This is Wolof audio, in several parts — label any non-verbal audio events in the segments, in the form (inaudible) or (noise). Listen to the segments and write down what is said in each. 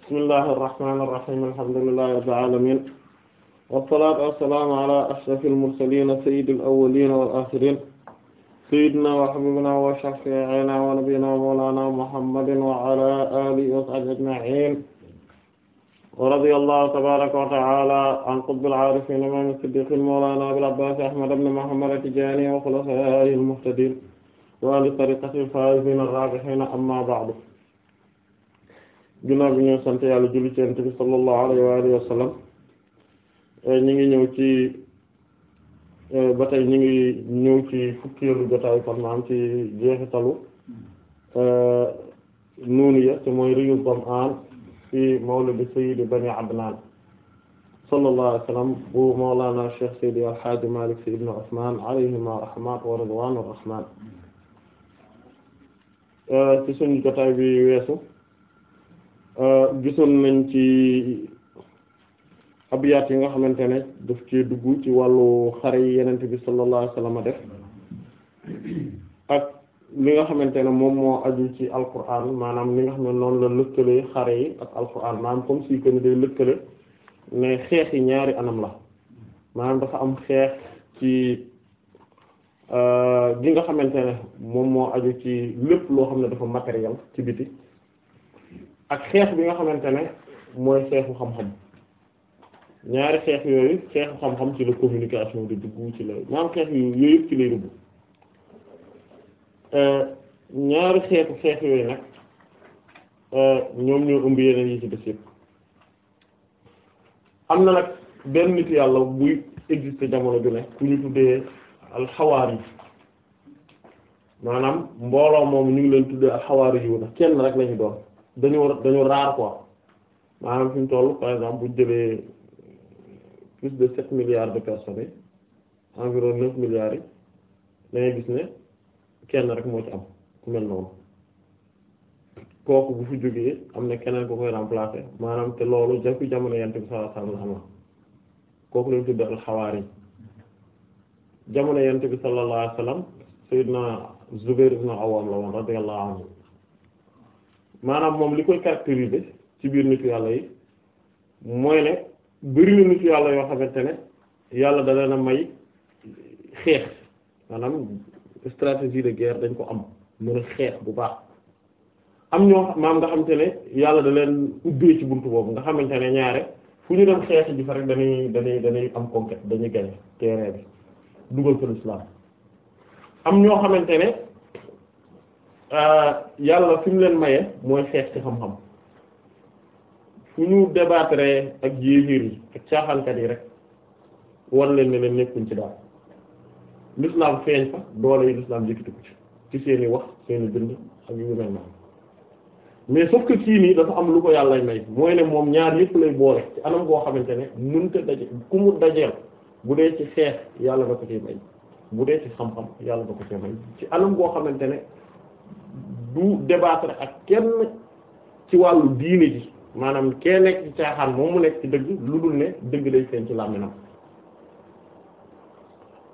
bismillahi irrahmani irrahim alhamdulillahi rabbil alamin wassalatu wassalamu ala ashrafil mursalin sayyidil awwalin wal akhirin sayyidina wa habibina wa shafi'ina wa nabiyyina wa mawlana muhammadin wa ala alihi wa sahbihi ajma'in wa radiyallahu tabaraka wa ta'ala an qutbil arifin imam as-siddiqin mawlana abil abbas ahmad ibn muhammad at-tijani wa khulafa'ihil muhtadin wa li tariqatil faa'izina raabihiina amma ba'du ginnaaw bi ñu sant yàlla julli ci Yonent bi sallallahu alayhi wa alihi wa sallam eh, ñu ngi ñëw ci eh, ba tey ñu ngi ñëw ci fukkeelu jotaayu kon maam ci jeexitalu eh, nuuniya te mooy riyu Zam'aan fi mawlidi sayyidi bani Adnaan sallallahu alayhi wa sallam bu mawlaana Cheikh Seydi Al Hadji Malick Sy ibn Usmaan alayhima rahmatu wa Euh, ci suñu jotaay bi weesu euh, gisoon nañ ci abiyaat yi nga xamante ne daf ci dugg ci wàllu xare yi yenent bi sallallahu alayhi wasallam def ak li nga xamante ne moom moo aju ci alquran maanaam li nga xam ne noonu la lëkkale xare yi ak alquran maanaam comme si que ni day lëkkale ne xeex yi ñaari anam la maanaam dafa am xeex ci gi euh, nga xamante ne moom moo aju ci lépp loo xam ne dafa matériel ci biti ak xeex bi nga xamante ne mooy xeexu xam-xam ñaari xeex yooyu xeexu xam-xam ci la communication di dugg ci la maanaam xeex yooyu yëpp euh, ñaari xeexu xeex yooyu nag euh, ñoom ñoo ëmb yeneen yi ci des yëpp am na nag benn nit yàlla buy exister jamono ju ne ku ñu tuddee alxawaari maanaam mbooloo moom ñu ngi leen tuddee yi yu na kenn rek lañu doon dañu dañu raar quoi maanaam fi mu toll par bu jëlee plus de sept milliards de personnes yi environ neuf milliards yi dangay gis ne kenn rek moo ci am ku mel noonu kooku bu fi jógee am na keneen ko koy remplacer maanaam te loolu jafi jamono yent bi sallallahu alayhi wasallam kooku lañu tuddee alxawaari yi jamono yonent bi sallallahu alayhi wasallam sayyidna Zubair ibn Awwam la woon radiyallahu anhu maanaam moom li koy caractériser ci biir nit yàlla yi mooy ne bëri na nitu yàlla yoo xamante ne yàlla da leen a may xeex maanaam de guerre dañ ko am xeex bu baax am ñoo maam nga xamante ne yàlla da leen ubbee ci bunt boobu nga xamante ne ñaare fu ñu dem xeex ji fa rek dañuy dañuy dañuy am conquête dañuy gagner terrain bi dugal fa lislaam am ñoo xamante ne euh, yàlla fi mu leen maye mooy xeex ci xam-xam fu ñu débattre ak yéeféer yi ak caaxaankat yi rek war leen ne leen nekkuñ ci daal lislaam feeñ fa doole yi lislaam yëkkati ko ci ci seeni wax seeni bind ak yu mel noonu mais sauf que kii nii dafa am lu ko yàlla may mooy ne moom ñaar yëpp lay boole ci anam goo xamante ne mënta daje ku mu dajeel bu dee ci xeex yàlla da ko ci may bu dee ci xam-xam yàlla da ko ci may ci anam goo xamante ne du débattre ak kenn ci wàllu diine ji maanaam kee nekk ci caaxaan moom mu nekk ci dëgg lu dul ne dëgg day feeñ ci làmminam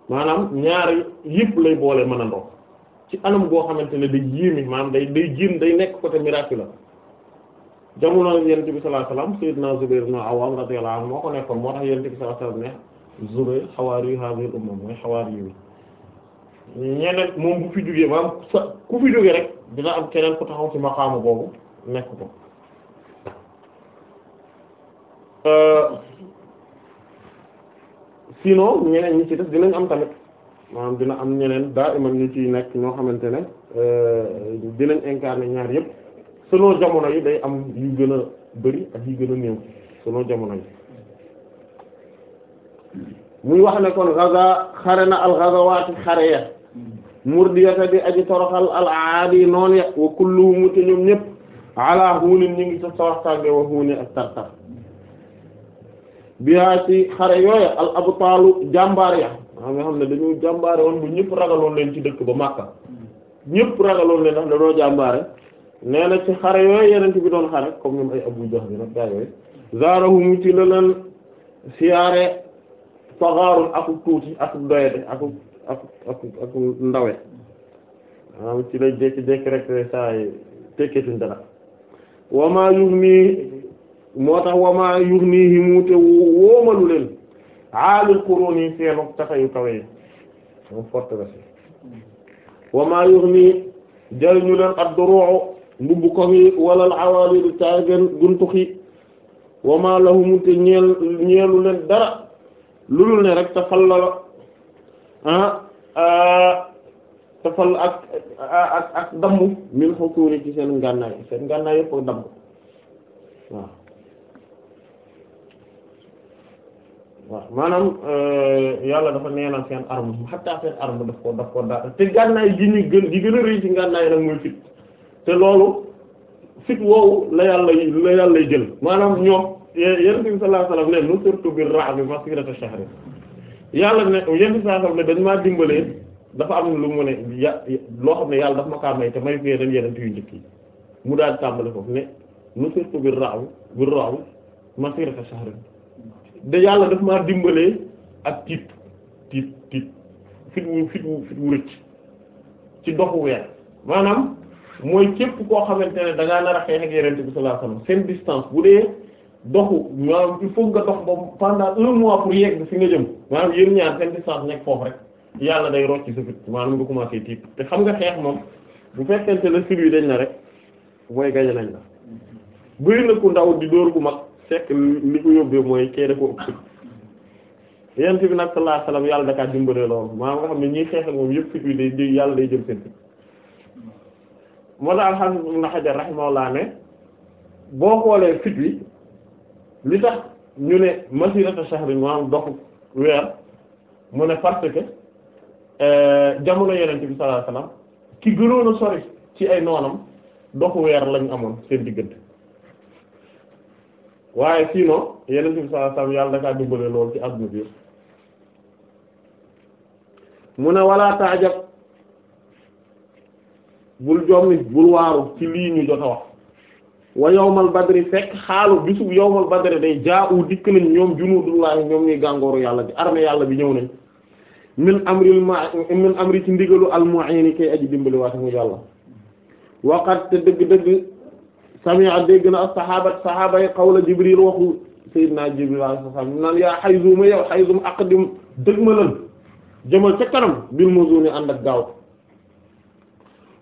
maanaam ñaar yëpp lay boole mën a ndox ci anam goo xamante ne day yéemi maanaam day day jéem day nekk côté miracle la jamono yonent bi sallallahu alayhi wasallam sayyidna Zubayr ibn Awwam radiyallahu anhu moo ko nekkoon moo tax yonent bi sallallahu Zubayr xawaari hadhihi al-umma mooy xawaari yi ñeneen moom bu fi jógee maanaam sa ku fi jógee rek dina am keneen ku taxaw ci maqaamu boobu nekk ko euh, sinon ñeneen ñi ci def dinañ am tamit maanaam dina am ñeneen daa iman ñu ci nekk ñoo xamante ne euh, dinañ incarner ñaar yëpp selon jamono yi day am yu gën a bari ak yu gën a néew selon jamono yi muy wax ne kon gaza xare na al algazawaati xare ya murdiyata di aj toroxal al aadi noon ya wa kulluhum te ñoom ñëpp ala huunin ñu ngi sa toroxtànge wa huuni ak bi biyaa ci xare yooya al abtaalu jàmbaar ya nga xam ne dañu jàmbaare woon bu ñëpp ragaloon leen ci dëkk ba Makka ñëpp ragaloon leen ndax dañoo jàmbaare nee na ci xare yooyu yenent bi doon xare comme ñoom ay Abu Jahl bi nag saxaarun aku tuuti aku doyade aku aku aku aku ndawe maanaam ci lay jékki jékki rek saa yi tekketuñ dara wamaa yughni moo tax wamaa yughnihimu te wóomalu leen aalul quruni seenu taxa yu kawe yi moom forteresse wamaa yughni jariñu leen ad-duru'u mbubb ko yi wala al du caagan guntux yi wamaa lahumu te ñeelu leen dara lu dul ne rek tafal la ah, ah, tafal ah, ak ak ak damb min xusuuri ci seen ngànnaay seen ngànnaay yëpp ak damb waaw waaw maanaam eh, yàlla dafa neenal seen arme xataa seen arme daf ko daal te ngànnaay gi ñu gën di gën a rëy ci ngànnaay nag mooy fit te loolu fit woowu la yàlla la yàlla jël maanaam ñoom yonent bi sallallahu alayhi wa sallam ne nusirtu bir-ra'bi masirata shahrin yàlla ne yonent bi sallallahu alayhi wa sallam ne dañ maa dimbalee dafa am lu mu ne ya loo xam ne yàlla dafa ma kaa may te may ko yeneen yonent yu njëkk yi mu daal tàmbale foofu ne nusirtu bir-ra'bi bir-ra'bi masirata shahrin de yàlla dafa maa dimbalee ak tiit tiit tiit fit wu fit wu fit wu rëcc ci doxu weer maanaam mooy képp koo xamante ne da ngaa nar a xeex ak yonent bi sallallahu alayhi wa sallam seen distance bu dee. doxu maanaam il faut nga dox ba pendant un mois pour yegg fi nga jëm maanaam yéen ñaar seen distance nekk foofu rek yàlla day rocc sa fit maanaam nga commencé tiit te xam nga xeex moom bu fekkente ne sur yi dañ na rek mooy gañe nañ la bëri na ku ndaw di dóor bu mag fekk li ko yóbbee mooy kee da ko ëpp yent bi nag sallallahu alayhi wasallam yàlla dakaa dimbalee loolu maanaam nga xam ne ñiy xeex ak moom yëpp fit yi day yàlla day jëm seen fit moo tax alhamdulilah Ibn xoolee fit wi li tax ñu ne masirata shahrin maanaam doxu weer mu ne parce euh, jamono yenente bi sallallahu ki gënoon a sori ci ay noonam doxu weer lañ amoon seen diggante waaye sinon yenente bi sallallahu alayhi wasallam yàlla dakaa dimbale loolu ci adduna bi mu ne wala taajab bul jommi bul waaru ci lii ñu jot a wax wa yawmal badri fekk xaalu bisub yawmal badri day jaa u dikk nañ ñoom junuudullaahi ñoom ñuy gàngooru yàlla di armée yàlla bi ñëw nañ min amril ma min amri ci ndigalu al-mu'in kay aji dimbali waate mu yàlla waqat te dëgg-dëgg sami'a dégg na as-sahaaba sahaaba yi qawla jibril waxu sayyidina jibril alayhi salaam naan yaa hayzuma yow hayzum aqdim dëgg ma lan jëmal ca kanam bil muzuni ànd ak gaaw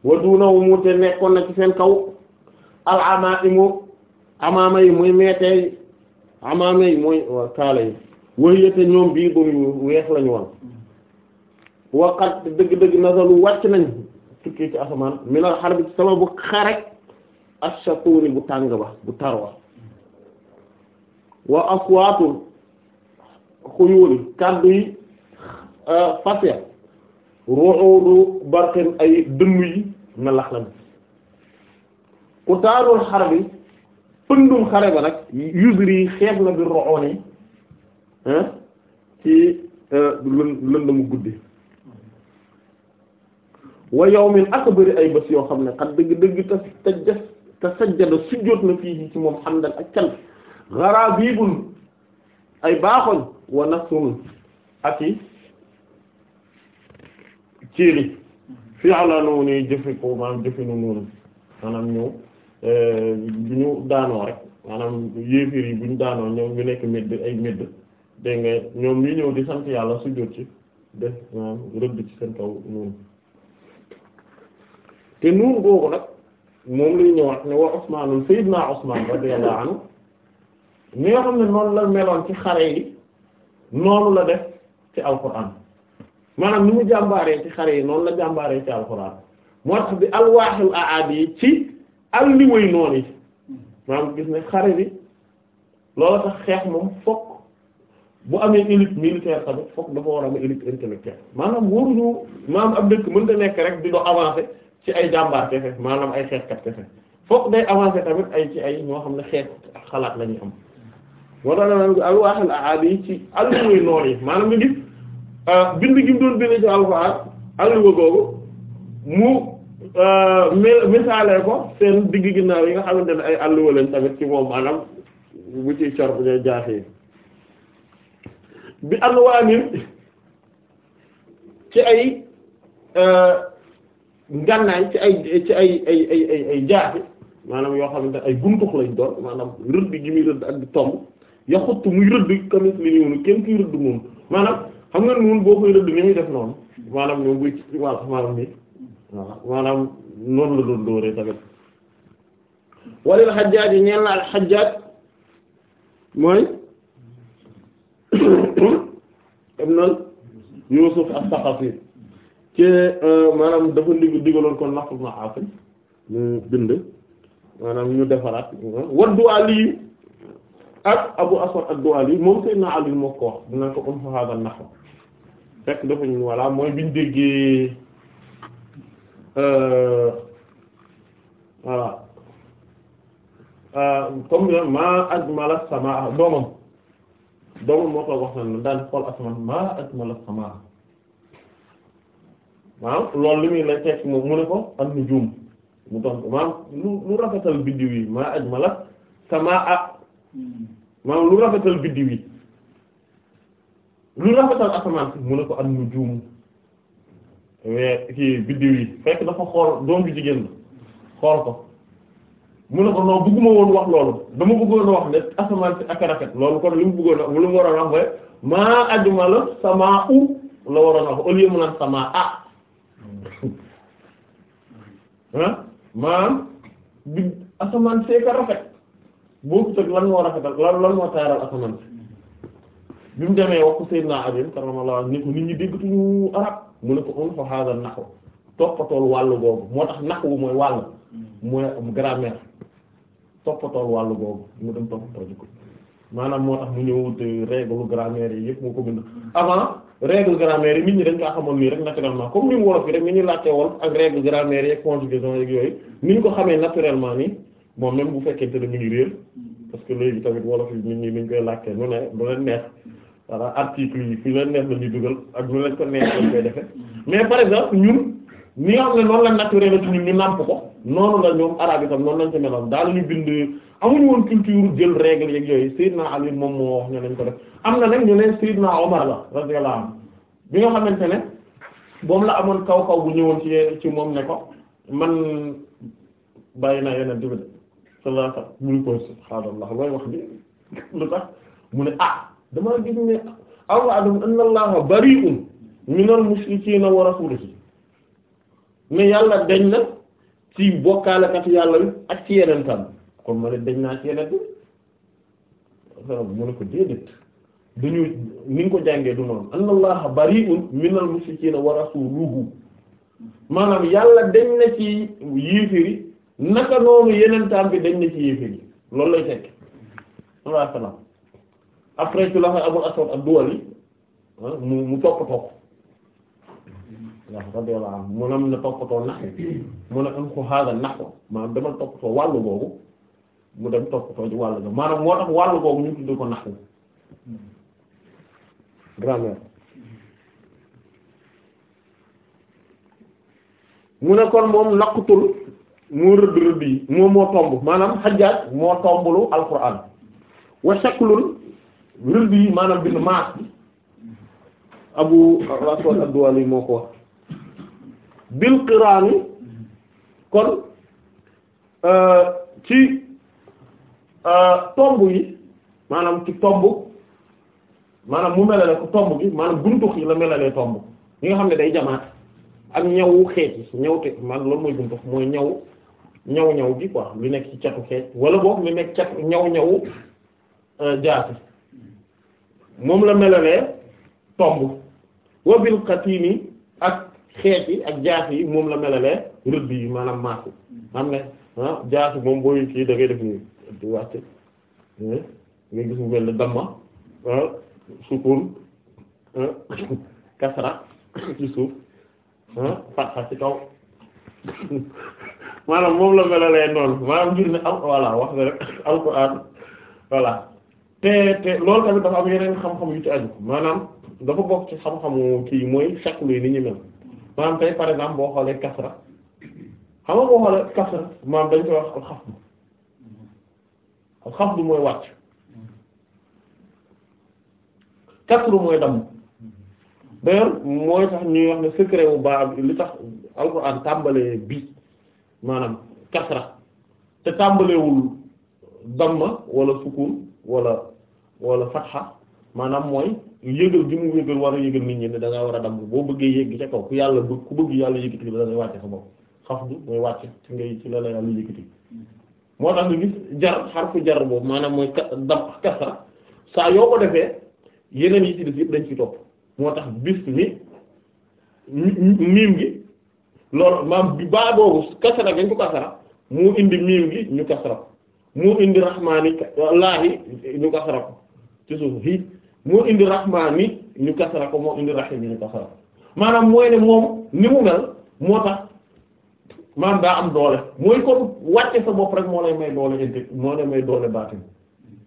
wa dunahu mu te nekkoon na ci seen kaw al amaimu amaama yi muy meetee amaama yi muy kaala yi wëyate ñoom bii bam yu weex lañu woon waqat dëgg-dëgg nasalu wàcc nañ tukki ci asamaan minal xar bi sababu xare ashakuuni bu tàng ba bu tarwa wa aswaatul xuyuuli kàddu yi euh, fas ya ruudu barken ay dënnu yi na lax lañ ku taarul xar bi pëndum xare ba nag usri xeeb na bi roxooni ci euh, lën lëndëmu guddi wa yawmin akbari ay bés yoo xam ne xat dëgg dëgg te sajja te sajjada sujjóot na fii ci moom xamdan ak cant gharabibun ay baaxoñ wa nasrun ak i ciiri fi ala noonu jëfe ko maanaam jëfe nu noonu maanaam ñëw bu euh, ñu daanoo rek maanaam yéefir yi bu ñu daanoo ñoom ñu nekk médd ay médd dégg nga ñoom ñu ñëw di sant yàlla sujjóot ci def maanaam rëdd ci seen kaw noonu te nuun googu nag moom lay ñëwaat ne wa Usmaan sayyidna Usmaan radiyallahu anhu ni nga xam ne noonu la meloon ci xare yi noonu la def ci alquran maanaam ni mu jàmbaaree ci xare yi noonu la jàmbaaree ci alquran moo tax bi alwaahil aadi yi ci alli way noon yi maanaam gis ne xare bi loolu tax xeex moom fokk bu amee élite militaire tamit fokk dafa war a am élite intellectuelle maanaam waruñu maanaam ab dëkk mënta nekk rek di do avancer ci ay jàmbaar kefe maanaam ay xeexkat kefe fokk day avancer tamit ay ci ay moo xam ne xeex xalaat la am moo tax danaan al waaxel aada yi ci alli way noon yi maanaam nga gis ah, bind gi mu doon bind ci alxuraan alli wa googu mu Euh, misaale ko seen digg ginnaaw yi nga xamante ne ay àlluwa lañ tamit ci moom maanaam bu ci cor jaaxee bi anwaanin ci ay euh, ngànnaay ci ay ci ay ay ay ay ay jaaxi maanaam yoo xamante ay guntux lañ doon maanaam rëdd gi muy rëdd ak di tomb yaxut muy rëdd kamis li ni kenn kuy rëdd moom maanaam xam nga noonu boo koy rëdd ni muy def noonu maanaam ñoom buy ci wàll maanaam nii waaw maanaam noonu la doon dóoree tamit walil Hajjaaj ñeel na al Hajjaaj mooy ibnul (coughs) Yuusuf as-Saqafi ci euh, maanaam dafa dig digaloon kon naqul na afin mu bind maanaam ñu defaraat wadduwaali ak Abu Aswad ad-Du'ali moom Seydina Ali moo ko wax ko um fa hada nahw fekk dafa ñu voilà mooy biñ déggee Euh, voilà euh, comme ma sama samaa doomam doomam moo ko wax na daan xool asmaan ma ajmala samaa maanaam loolu li muy la tekk moom mu ne ko am nu juum mu doon lu lu rafetal biddiw yi ma ajmala samaa maanaam lu rafetal biddiw yi lu rafetal asamaan si mu ne ko am weer kii biddiw yi fekk dafa xool doom bi jigéen la xool ko mu ne ko non bëgguma woon wax loolu dama bëggoon a wax ne asamaan si ak rafet loolu kon li mu bëggoon a li mu waroon a wax maa ajuma la sama u la waroon a wax au lieu mu naan sama ah ah bi asamaan see ka rafet boo ko lan moo rafetal lan lan moo taaral asamaan bi mu demee wax ko Seydina Adil karamallahu ni ko nit ñi déggatuñu arab mu ne ko un um fa xaaral naxu toppatool wàllu googu moo tax naxu mooy wàll mooy grammaire toppatool wàllu googu mu dem toppatoo ji ko maanaam moo tax mu ñëwut règle grammaire yi ko bind avant règle grammaire yi nit ñi dañ ko xamoon nii rek naturellement comme ni mu wolof yi rek ni ñu laajte wolof ak règle grammaire yi ak yooyu ni ñu ko xamee naturellement ni moom même bu fekkente ne mu ngi réer parce que léegi tamit wolof yi nit ñi dañ koy laajte nu neex voilà article yi fi leen neex la ñuy dugal ak lu leen ko neex lañ koy defee mais par exemple ñun ni nga xam ne la naturel la ci ñun ñu ko noonu la ñoom arabe itam lañ ci meloon daal ñu bind amuñu woon culture jël règle yeeg yooyu Seydina Ali moom moo wax ne ko def am na nag ñu ne Seydina Omar la radiyallahu anhu bi nga xamante ne boobu la amoon kaw kaw bu ñëwoon ci ci moom ne ko man bàyyi naa yeneen dibi de sallallahu alayhi wa sallam muy ko looy wax bi lu tax mu ne ah damaa gis ne aw a'lamu anna allaha bari'un minal mushrikiina wa rasuulihi mais yàlla deñ na ci bokkaalekat yàlla wi ak ci yeneen tam kon ma ne dañ naa ci yeneen mu ne ko déedéet dañu ni nga ko jàngee du noonu anna allaha a minal mushrikiina wa rasuuluhu maanaam yàlla dañ na ci yéefiri naka noonu yeneen bi dañ na ci yéefiri loolu lay tekk sallallahu alayhi wa après ci loxo Abul Aswad ad-Duwali ah, mu mu toppatoo ko waaw mu ne am mu ne am ko nax ko maanaam dama toppatoo wàllu boobu mu dem toppatoo ci wàllu boobu maanaam moo tax wàllu boobu ñu tudd ko nax grammaire mu ne kon moom naqutul moo rëdd rëdd yi moom moo tomb maanaam xajaaj moo tomblu alquran wa shaklul wird yi maanaam bind maas bi abu al-Aswad ad moo ko wax bil qiraani kon euh, ci euh, tomb yi maanaam ci tomb maanaam mu melale ko tomb gi maanaam buntux yi la melalee tomb yi nga xam ne day jamaat ak ñawu xeet yi ñaw te man loolu mooy buntux mooy ñaw ñaw ñaw gi quoi lu nekk ci catu xeet wala boog lu nekk catu ñaw ñaw euh, jaasi moom la melalee tomb wabil xatiini ak xeec ak jaas yi moom la melalee rëdd yi maanaam maas yi xam ne ah, jaas moom booy kii da ngay def nii di nga gis mu mel ne damma ah, sukun ah, (coughs) kasra (coughs) ci suuf fatxa ci kaw (coughs) maanaam moom la melalee noonu maanaam ngir ne am voilà wax nga rek alquran voilà te te loolu tamit dafa am yeneen xam-xam yu ci aju maanaam dafa bokk ci xam-xamu kii mooy shaklu yi ni ñu mel maanaam par exemple boo xoolee kasra xam nga boo xoolee kasra maanaam dañ koy wax alxafdu alxafdu mooy wàcc kasru mooy damm d'ailleurs mooy tax ñuy wax ne secret wu baa li tax alxuraan tàmbalee bi maanaam kasra te tàmbalewul damma wala sukun wala wala fatxa maanaam mooy yëgal gi mu yëgal war a yëgal nit ñi ne da war a damm boo bëggee yëg ca kaw ku yàlla bëgg ku bëgg yàlla yëkkati ba da ngay wàcce sa bopp xaf du mooy wàcce ci ngay ci la la yàlla yëkkati moo tax nga gis jar xarfu jar boobu maanaam mooy dam kasra saa yoo ko defee yi ci def yëpp dañ ci topp moo tax bis mi miim gi loolu maam bi baa boobu kasara gañ ko kasara mu indi miim gi ñu kasara mu indi rahmaani laahi ñu kasara ko ci suuf fii moo indi rahmaani ñu kasara ko moo indi rahim yi ñu kasara maanaam mooy ne moom ni mu mel moo tax maanaam daa am doole mooy kon wàcce sa bopp rek moo lay may doole inte moo lay may doole baatin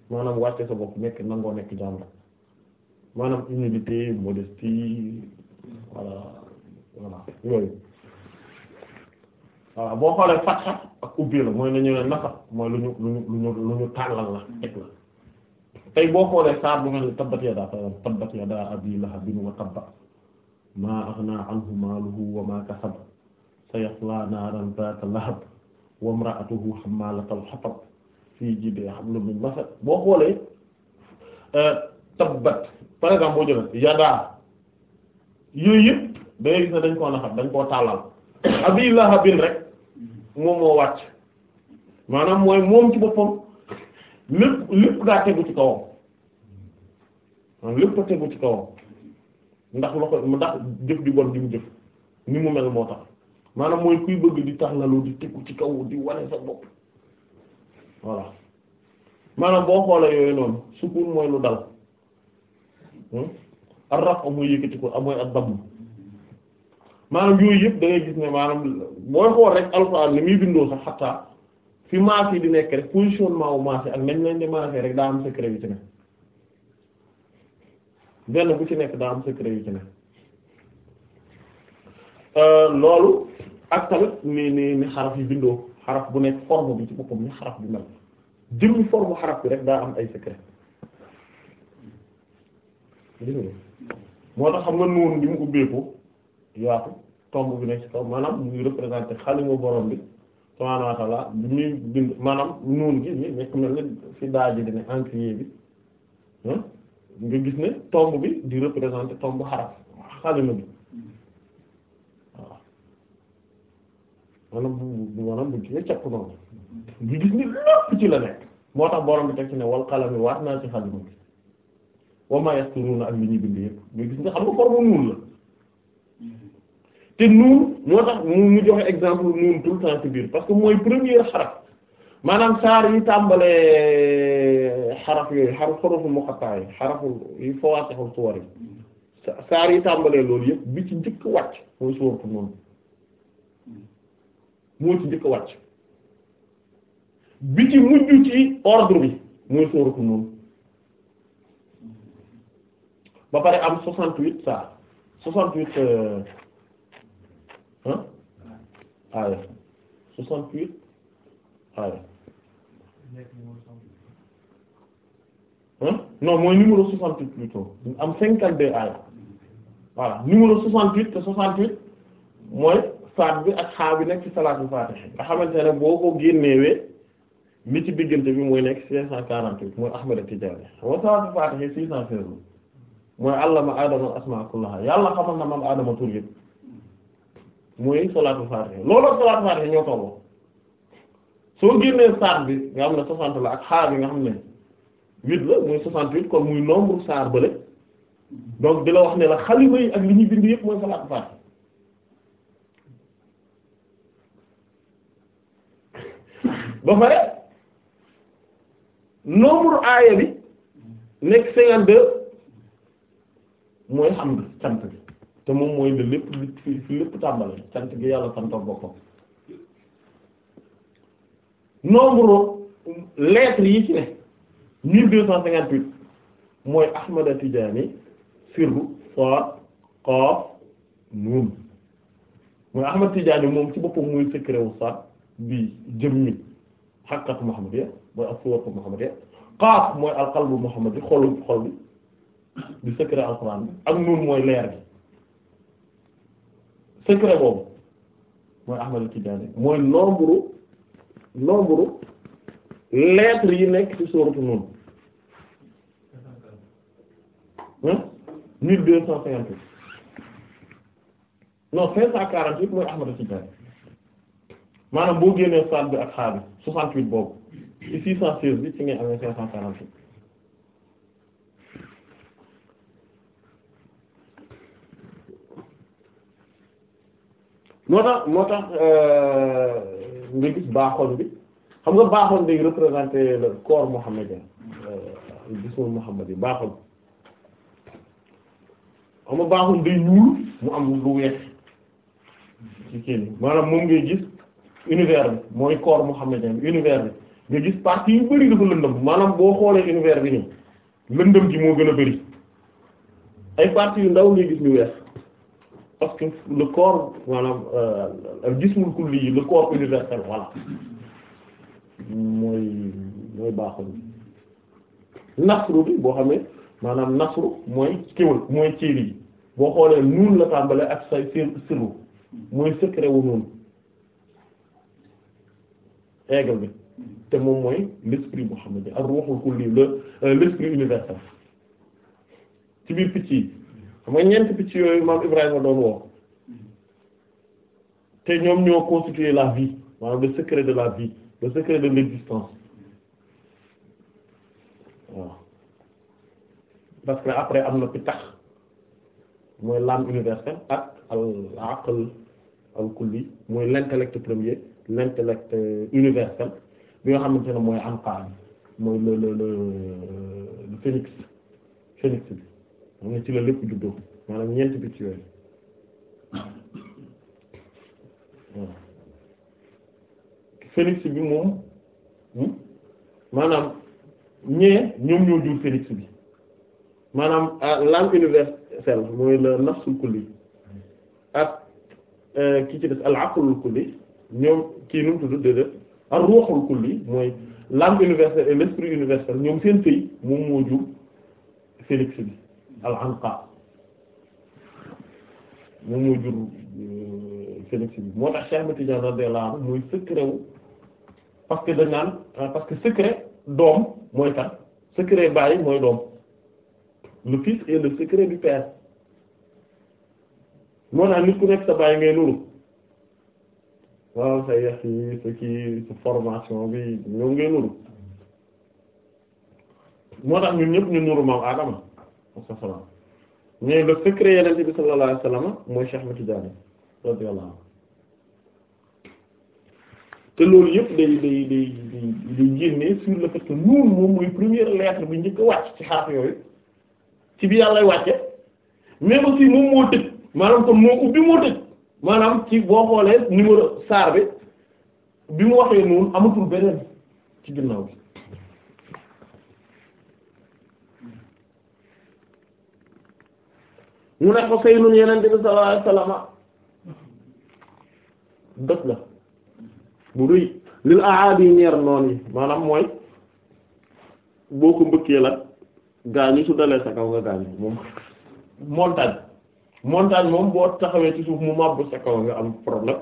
maanaam wàcce sa bopp nekk nangoo nekk jaam la maanaam humilité modestie voilà voilà yooyu voilà boo xoolee fatxa ak ubbi la mooy nañu ne nafa mooy lu ñu lu ñu lu ñu lu ñu tàllal la teg tey boo xoolee saar bu mel ne tabbat yadaa tabbat yadaa abii lahabin wa tabba maa aghnaa anhu maaluhu wa maa kasab sayaslaa naaran zaata lahab wa imra'atuhu hammaalatal hatab fii jiidihaa hablum min masad boo xoolee eh, tabbat par exemple boo jëlee yadaa yooyu yëpp da ngay dañ koo naxab dañ koo tàllal abii lahabin rek moom moo wàcc maanaam mooy moom ci boppam lépp lépp daa tegu ci kawam moom lépp a tegu ci kawam ndax loxo ndax jëf di bon di mu jëf ni mu mel moo tax maanaam mooy kuy bëgg di tax lalu di tegu ci kaw di wane sa bopp voilà maanaam boo xoolee yooyu noonu sukun mooy lu dal hmm? ak raf mooy yëkkati ko mooy ak damm maanaam yooyu yëpp da ngay gis ne maanaam booy xool rek alxuraan ni muy bindoo sax xataa fi maas yi di nekk rek positionnement wu maas yi ak nañ lañ di maas rek daa am secret bi ci ne benn bu ci nekk daa am secret yu ci nekk euh, loolu ak tamit ni ni ni xaraf bindoo xaraf bu nekk forme bi ci boppam ni xaraf bi mel jëmmi forme xaraf bi rek daa am ay secret moo tax xam nga noonu li mu ubbeeku yaatu tomb bi nekk ci kaw maanaam muy représenter xalimu borom bi subhaanahu wa ta'ala bi muy bind maanaam noonu gi nekk mel ni fi daa ji di ne bi nga gis ne tomb bi di représenter tomb xaraf xalima bi waaw maanaam bu maanaam bu gisee capp noonu nga gis ne lépp ci la nekk moo tax borom bi teg ci ne wal xalami war naa ci xalima bi wa ma yasturuna ak li ñuy bind yëpp nga gis nga xam nga forme nuun la te nu moo tax mu joxe exemple nuun tout le temps ci biir parce que mooy premier xaraf maanaam saar yi tàmbalee xaraf yooyu xaraf xaraful muqatta yi xaraful yi fawaatihul suwar yi saar yi tàmbalee loolu yëpp bi ci njëkk wàcc mooy suuratu Nuun moo ci njëkk wàcc bi ci mujj ba pare am soixante-huit saar soixante-huit euh, hein soixante-huit aaya non mooy numéro 68 plutôt am 52 aaya voilà numéro 68 te 68 mooy faat bi ak xaa bi nekk ci salaatul faatiha nga xamante ne boo ko génnewee li ci diggante bi mooy nekk 548 mooy Ahmad Tijaani xam nga salaatul faatiha 616 mooy allama aadama asmaa kullaha yàlla xamal na man aadama tur yëpp mooy salaatul faatiha looloo salaatul faatiha ñoo tolloo soo génnee saar bi nga xam ne 60 la ak xaar bi nga xam ne 8 la muy wit kon muy nombre saar bële donc di la wax ne la xalima yi ak li ñuy bind yëpp mooy salaatu faatiha ba pare nombre aaya bi nekk 52 mooy xam nga cant bi te moom mooy de lépp lépp tàmbale cant gi yàlla santoon boppam nombre lettres yi ci ne mooy Ahmada Tijaani sirru saad qaaf nuun mooy Ahmad Tijaani moom ci boppam muy secret wu saad bi jëmmi haqqatu muhammadiyya mooy as-suratu muhammadiyya qaaf mooy al-qalbu muhammadi xolu xol bi di secret alxuraan bi ak nuun mooy leer bi secret boobu mooy Ahmada Tijaani mooy nombre nombre lettres yi nekk ci sourate Nun mille deux cent cinquante-huit non cinq cent quarante-huit mooy Ahmad Tijani maanaam boo génnee saat bi ak xaar bi soixante-huit boobu ci six cent seize bi ci ngay amee cinq cent quarante-huit moo moo tax euh, nga gis baaxoon bi xam nga baaxoon day représenter le corps mohammédien gismul euh, mohammad yi baaxoon xam nga baaxoon day ñuul mu am lu weex ci kii maanaam moom ngay gis univers bi mooy corps mohammédien bi univers bi nga gis parties yu bari dafa lëndëm maanaam boo xoolee univers bi nii lëndëm gi moo gën a bari ay parties yu ndaw ngay gis ñu weex parce que le corps maanaam al euh, jismul kulli le corps universel voilà mooy mooy baaxul nasru bi boo xamee maanaam nasru mooy kéwal mooy céeri yi boo xoolee nuun la tàmbale ak say sirru mooy secret wu noonu aigle bi te moom mooy l'esprit muhammadi ar ruhul kulli le euh, l'esprit universel ci biir picc yi xam nga picc yooyu maam Ibrahima doon woo te ñoom ñoo constituer la vie maanaam le secret de la vie le secret de l'existence waaw parce que après am na pitax mooy l'âme universelle ak al al-kulli mooy l'intellect premier l'intellect euh, universel bi nga xamante ne mooy anqaar mooy le le le le phénix phénix bi. mu ne ci la lépp juddoo maanaam ñeenti picc yooyu waaw hmm? maanaam ñee ñoom ñoo jur phénix bi maanaam ah, l'âme universelle mooy la nafsul kulli ak euh, ki ci des al aqlul kulli ñoom kii nu mu tudd déedéet ar ruuxul kulli mooy l'âme universelle l'esprit universel ñoom seen sëy moom moo jur phénix bi al-Anqa moom moo jur euh, Sénégal bi moo tax Cheikh Ahmed Tidiane radiyallahu anhu mooy secret parce que dañ euh, parce que secret doom mooy kan secret bàyyi mooy doom le fils est le secret du père moo tax nit ku nekk sa bàyyi ngay nuru waaw sa yax yi sa kii sa bi ñoom ngay nuru moo tax ñun ñëpp ñu nuru maam Adama safran mais le secret bi sallallahu alayhi mooy Cheikh Ahmed Tidiane radiyallahu te loolu yëpp day day day day génne sur le fait que nuun moom mooy première lettre bi njëkk a wàcc ci xaraf yooyu ci bi yàllay wàcce mais aussi moom moo tëj maanaam kon moo ubbi moo tëj maanaam ci boo xoolee numéro saar bi bi mu waxee noonu amatul beneen ci ginnaaw bi mu ne Xuseynun Yonent bi sallallahu alayhi wasallam dot la bu rëy lil aadi ñeer noon yi maanaam mooy boo ko mbëkkee la gaañu su dalee sa kaw nga gaañu moom montagne moom boo taxawee ci suuf mu màbb sa kaw nga am problème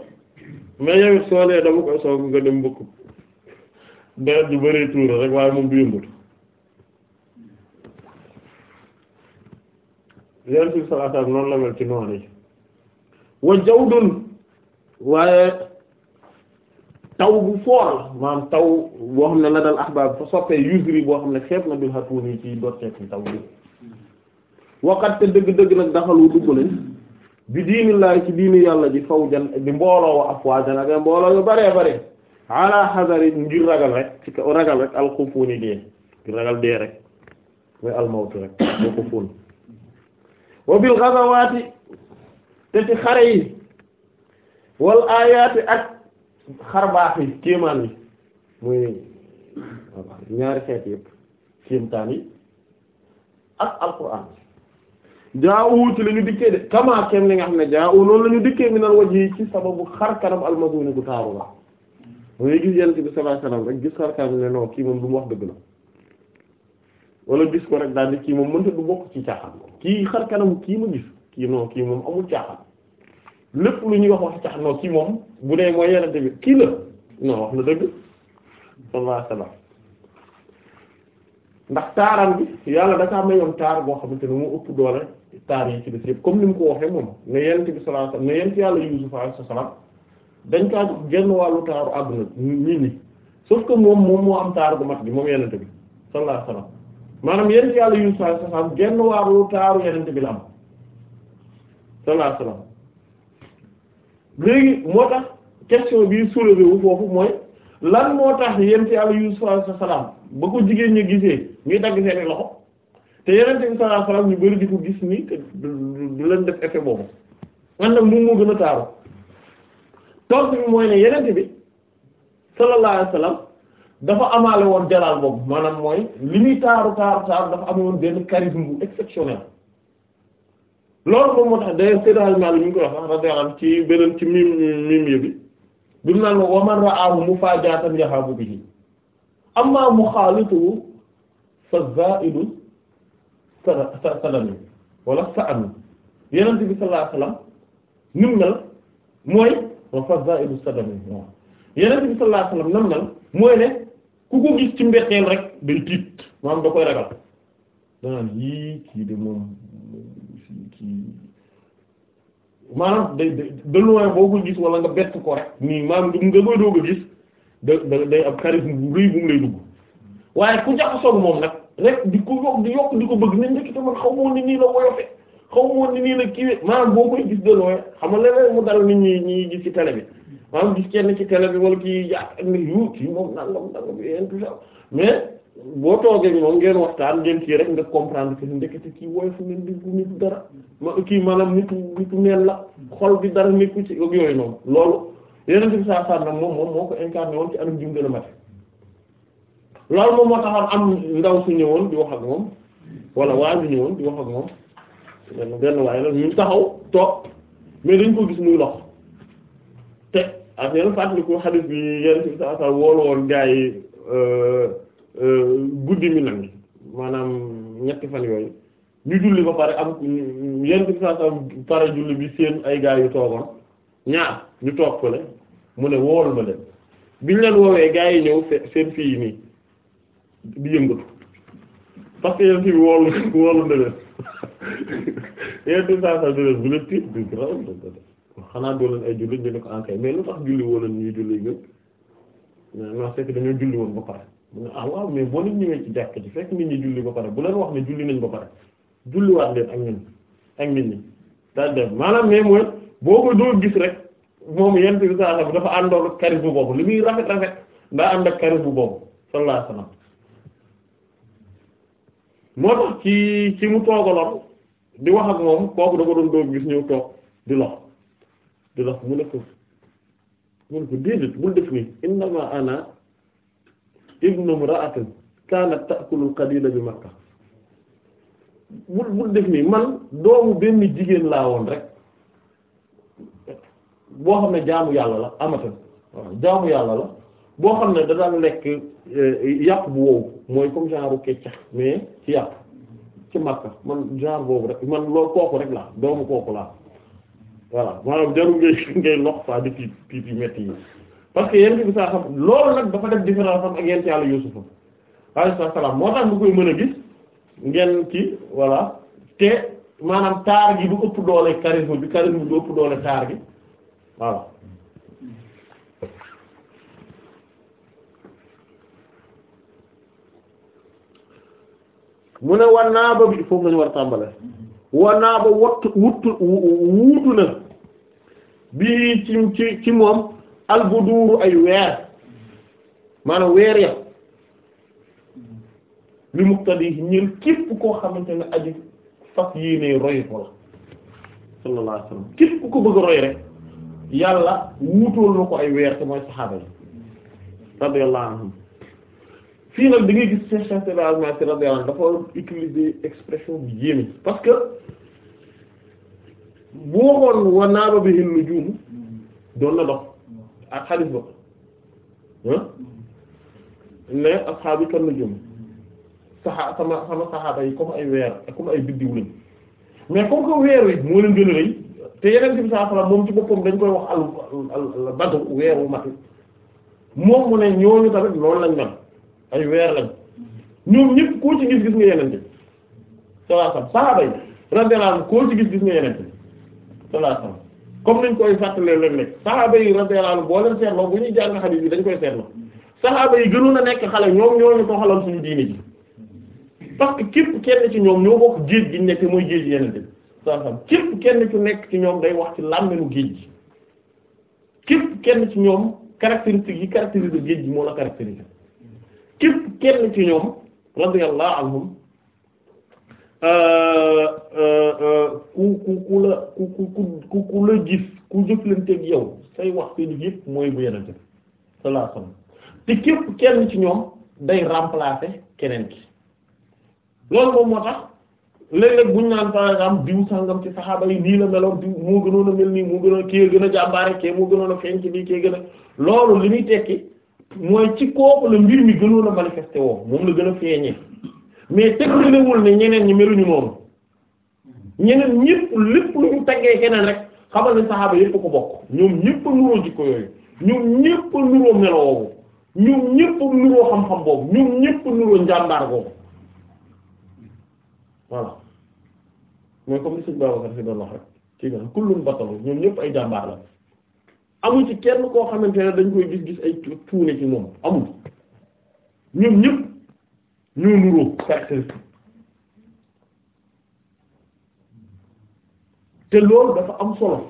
mais yow it soo nee dama koy soog nga dem mbëkk deret di bëree tuura rek waaye moom du yëmbatu yonent bi sallallahu alayhi noonu la mel ci noonu yi wa jawdun waaye taw bu foor maanaam taw boo xam ne na dal ahbaab fa soppee usri boo xam ne xeeb na bil xatuun yi ci dorceet taw bi te dëgg-dëgg nag daxalu dugg nañ bi diinillaahi ci diini yàlla ji faw jan di mbooloo wa afwaajan ak mbooloo yu bare bare ala xadari ngir ragal rek ci ragal rek alxufuuni dee ragal dee rek mooy almawtu rek boo ko wa bil ghazawaati te ci xare yi wal aayaati ak xarbaax yi kéemaan yi muy ñaari xeet yëpp kéemtaan yi ak alquran jaawu ci la ñu dikkee de kamaa kem li nga xam ne jaawu loolu la ñu dikkee minal wajhi ci sababu xar kanam almazuni gu taaru la mooy gis yent bi sallallahu alayhi wasallam rek gis xar kanam ne non kii moom bu mu wax dëgg la wala gis ko rek daal di kii moom mënta du bokk ci caaxaan kii xar kanam kii ma gis kii non kii moom amul caaxaan lépp lu ñuy wax wax caaxaan non kii moom bu dee mooy yenente bi kii la dëgg sallallahu alayhi wasallam ndax taaram bi yàlla dakaa mayoon taar boo xamante ne moo ëpp doole taar yi ci des yëpp comme ni mu ko waxee moom ne yenente bi sallallahu alayhi wasallam ne yent yàlla Yuusuf dañ kaa wàllu taaru àdduna nit ñi moom moom moo am taar bu mat bi moom yenente bi maanaam yenent yàlla yunus alayhi salaam genn waaru taaru yenent bi la am sallallahu alayhi wasallam léegi moo tax question bi soulevé foofu mooy lan moo tax yenent yàlla yunus alayhi salaam ba ko jigéen ñi gisee ñuy dagg seeni loxo te yenent bi sallallahu alayhi ñu bari di ko gis nii te du leen def effet boobu man nag moom moo gën a taaru tontu bi mooy ne yenent bi sallallahu dafa amaale woon jalaal boobu maanaam mooy li muy taaru taaru taaru dafa am woon benn charisme bu exceptionnel loolu moom moo tax day séddal maal ñu ngi koy wax radiyallahu ci beneen ci mim mim yëbi bi mu naan ma wa man ra'ahu mufaajatan yahabu bihi amma muxaalituhu sa salami wala sa'ami yonent bi sallallahu alayhi wasallam ni mu mel mooy wa fa za'idu salami waaw yonent bi sallallahu mooy ne ku ko gis ci mbetteel rek day tiit maanaam da koy ragal danaan yii kii de moom kii maanaam day de loin boo ko gis wala nga bett ko rek nii maanaam nga koy doog a gis da da day ab charisme bu rëy bu mu lay dugg waaye ku jaxasoo moom nag rek di ko yokk di yokk di ko bëgg nañ njëkk man xaw ma woon ne nii la woyofe xaw ma woon ne nii la kiiwee maanaam boo koy gis de xam nga leneen mu dal nit ñi ñi gis ci télé bi. maanaam gis kenn ci télé bi wala kii yaa am yu kii moom nangam nangam yéen tout ça mais boo toogee moom ngeen waxtaan ngeen kii rek nga comprendre ki ndekete kii woy fu ngeen kii maanaam nitu la xol bi dara nit ku ci yooyu noonu loolu yeneen moom moom moo ko incarné woon ci anam jim gën a mate loolu moom moo taxoon am ndaw su ñëwoon di wax ak moom wala waa ñu ñëwoon di wax ak moom benn waaye la ñu taxaw toog mais dañ ko gis muy lox ak yéen fàttaliku xadis bi yéen si saa saa woolu woon gaa yi euh, euh, guddi mi nag maanaam ñetti fan yooyu ñu julli ba pare am yéen si saa saa pare julli bi seen ay gaa yu toogoon ñaar ñu toog fële mu ne wool ma leen biñ leen woowee gaa yi ñëw seen fii nii di yëngatu parce que yéen fii woolu woolu na leen yéen si saa saa du leen bu leen tiit du graw xanaa doo leen ay jullit ñu ne ko ankay ah mais lu tax julli woo leen ñuy julli gën euh, dañoo julli woon ba pare mu ne ah mais boo nit ñëwee ci jàkk ci fekk nit ñi julli ba pare bu leen wax ne julli nañ ba pare julliwaat leen ak ñun ak nit ñi daal dem maanaam mais mooy boo ko doo gis rek moom yent bi saa dafa àndoon ak charisme boobu li muy rafet rafet daa ànd ak charisme boobu sallallahu alayhi wasallam moo tax ci ci mu toogaloon di wax ak moom kooku da ko doon doo gis ñëw toog di lox di dox mu ne ko mu ne ko déedéet bul def nii innama ana ibnu imra'atin kanat ta'kulu qadila bi Makka bul bul def nii man doomu benn jigéen laa woon rek boo xam ne jaamu yàlla la amatan waaw jaamu yàlla la boo xam ne da daan lekk eh, yàpp bu wow mooy comme genre keccax mais ci yàpp ci Makka man genre boobu rek man loolu kooku rek laa doomu kooku laa voilà maanaam jarul ngay (laughs) ngay lox fa di tiit tiit yu metti yi parce que yent bi saa xam loolu nag dafa def différence am ak yent yàlla Yuusufa alayhi salaam moo tax nga koy mën a gis ngeen ci voilà te maanaam taar gi du ëpp doole charisme bi charisme du ëpp doole taar gi voilà mu ne wannaaba bi foofu lañu war tàmbale wannaaba wattu wuttu wuutu na bii ci ci ci moom albuduuru ay weer maanaam weer ya li muqtadi ñeel képp koo xamante ne aji fas yéenee roy ko la sallallahu alayhi wasallam képp ko bëgg roy rek yàlla wuutool na ko ay weer te mooy saxaaba yi radiyallahu anhum fii nag da ngay gis Cheikh Seydi Hadji Malick Sy radiyallahu anhu dafa utiliser expression bi yéeme parce que bu waxoon wa naaba bihi nujuum doon na dox ak xadis ba ne asxaabi kan nujuum saxaa comme ay weer comme ay biddiw lañ mais comme que weer wi moo leen gën a rëy te yeneen bi saa salaam moom ci boppam dañ koy wax al al badr wu mati moom mu ne ñooñu tamit loolu lañ mel ay weer lañ ñoom ñëpp koo ci gis gis nga yeneen bi saa salaam saxaaba yi radiyallahu koo ci gis gis nga yeneen bi sallallahu alayhi wasallam comme nañ koy fàttalee léeg-léeg sahaaba yi radiyallahu anhu boo leen seetloo bu ñuy jàng xadiis bi dañ koy seetloo sahaaba yi gënoon na nekk xale ñoom ñoo ñu soxaloon suñu diine ji parce que képp kenn ci ñoom ñoo bokk géej gi nekk mooy géej yenente bi sallallahu alayhi wasallam képp kenn ci nekk ci ñoom day wax ci làmmeenu géej kenn ci ñoom caractéristiques yi caractérise géej gi moo la caractérise képp kenn ci ñoom radiyallahu anhum Euh, euh, euh, ku ku ku la ku ku ku la gis ku jëflanteeg yow say wax seen yëpp mooy bu yeneen bi sallallahu alayhi wasallam te képp kenn ci ñoom day remplacer keneen ki loolu moom moo tax léeg-léeg buñ naan par exemple diw sangam ci saxaaba yi nii la meloon diw moo gënoon a mel nii moo gënoon a kii gën a jàmbaare kii moo gënoon a feeñ ci lii kii gën a loolu li muy tekki mooy ci kooku la mbir mi gënoon a manifester woo moom la gën a feeñee mais tegtalewul ne ñeneen ñi meluñu noonu ñeneen ñëpp lépp lu ñu taggee keneen rek xamal ne saxaaba yëpp ko bokk ñoom ñëpp nuroo jikko yooyu ñoom ñëpp nuroo melo woowu boobu ñoom ñëpp mooy comme li suñ Babacar si doon wax rek kii nga kullum batalu ñoom ñëpp ay jàmbaar la amul ci kenn koo xamante ne dañ koy gis-gis ay tuune ci moom amul ñoom ñëpp ñoo nuróo te loolu dafa am solo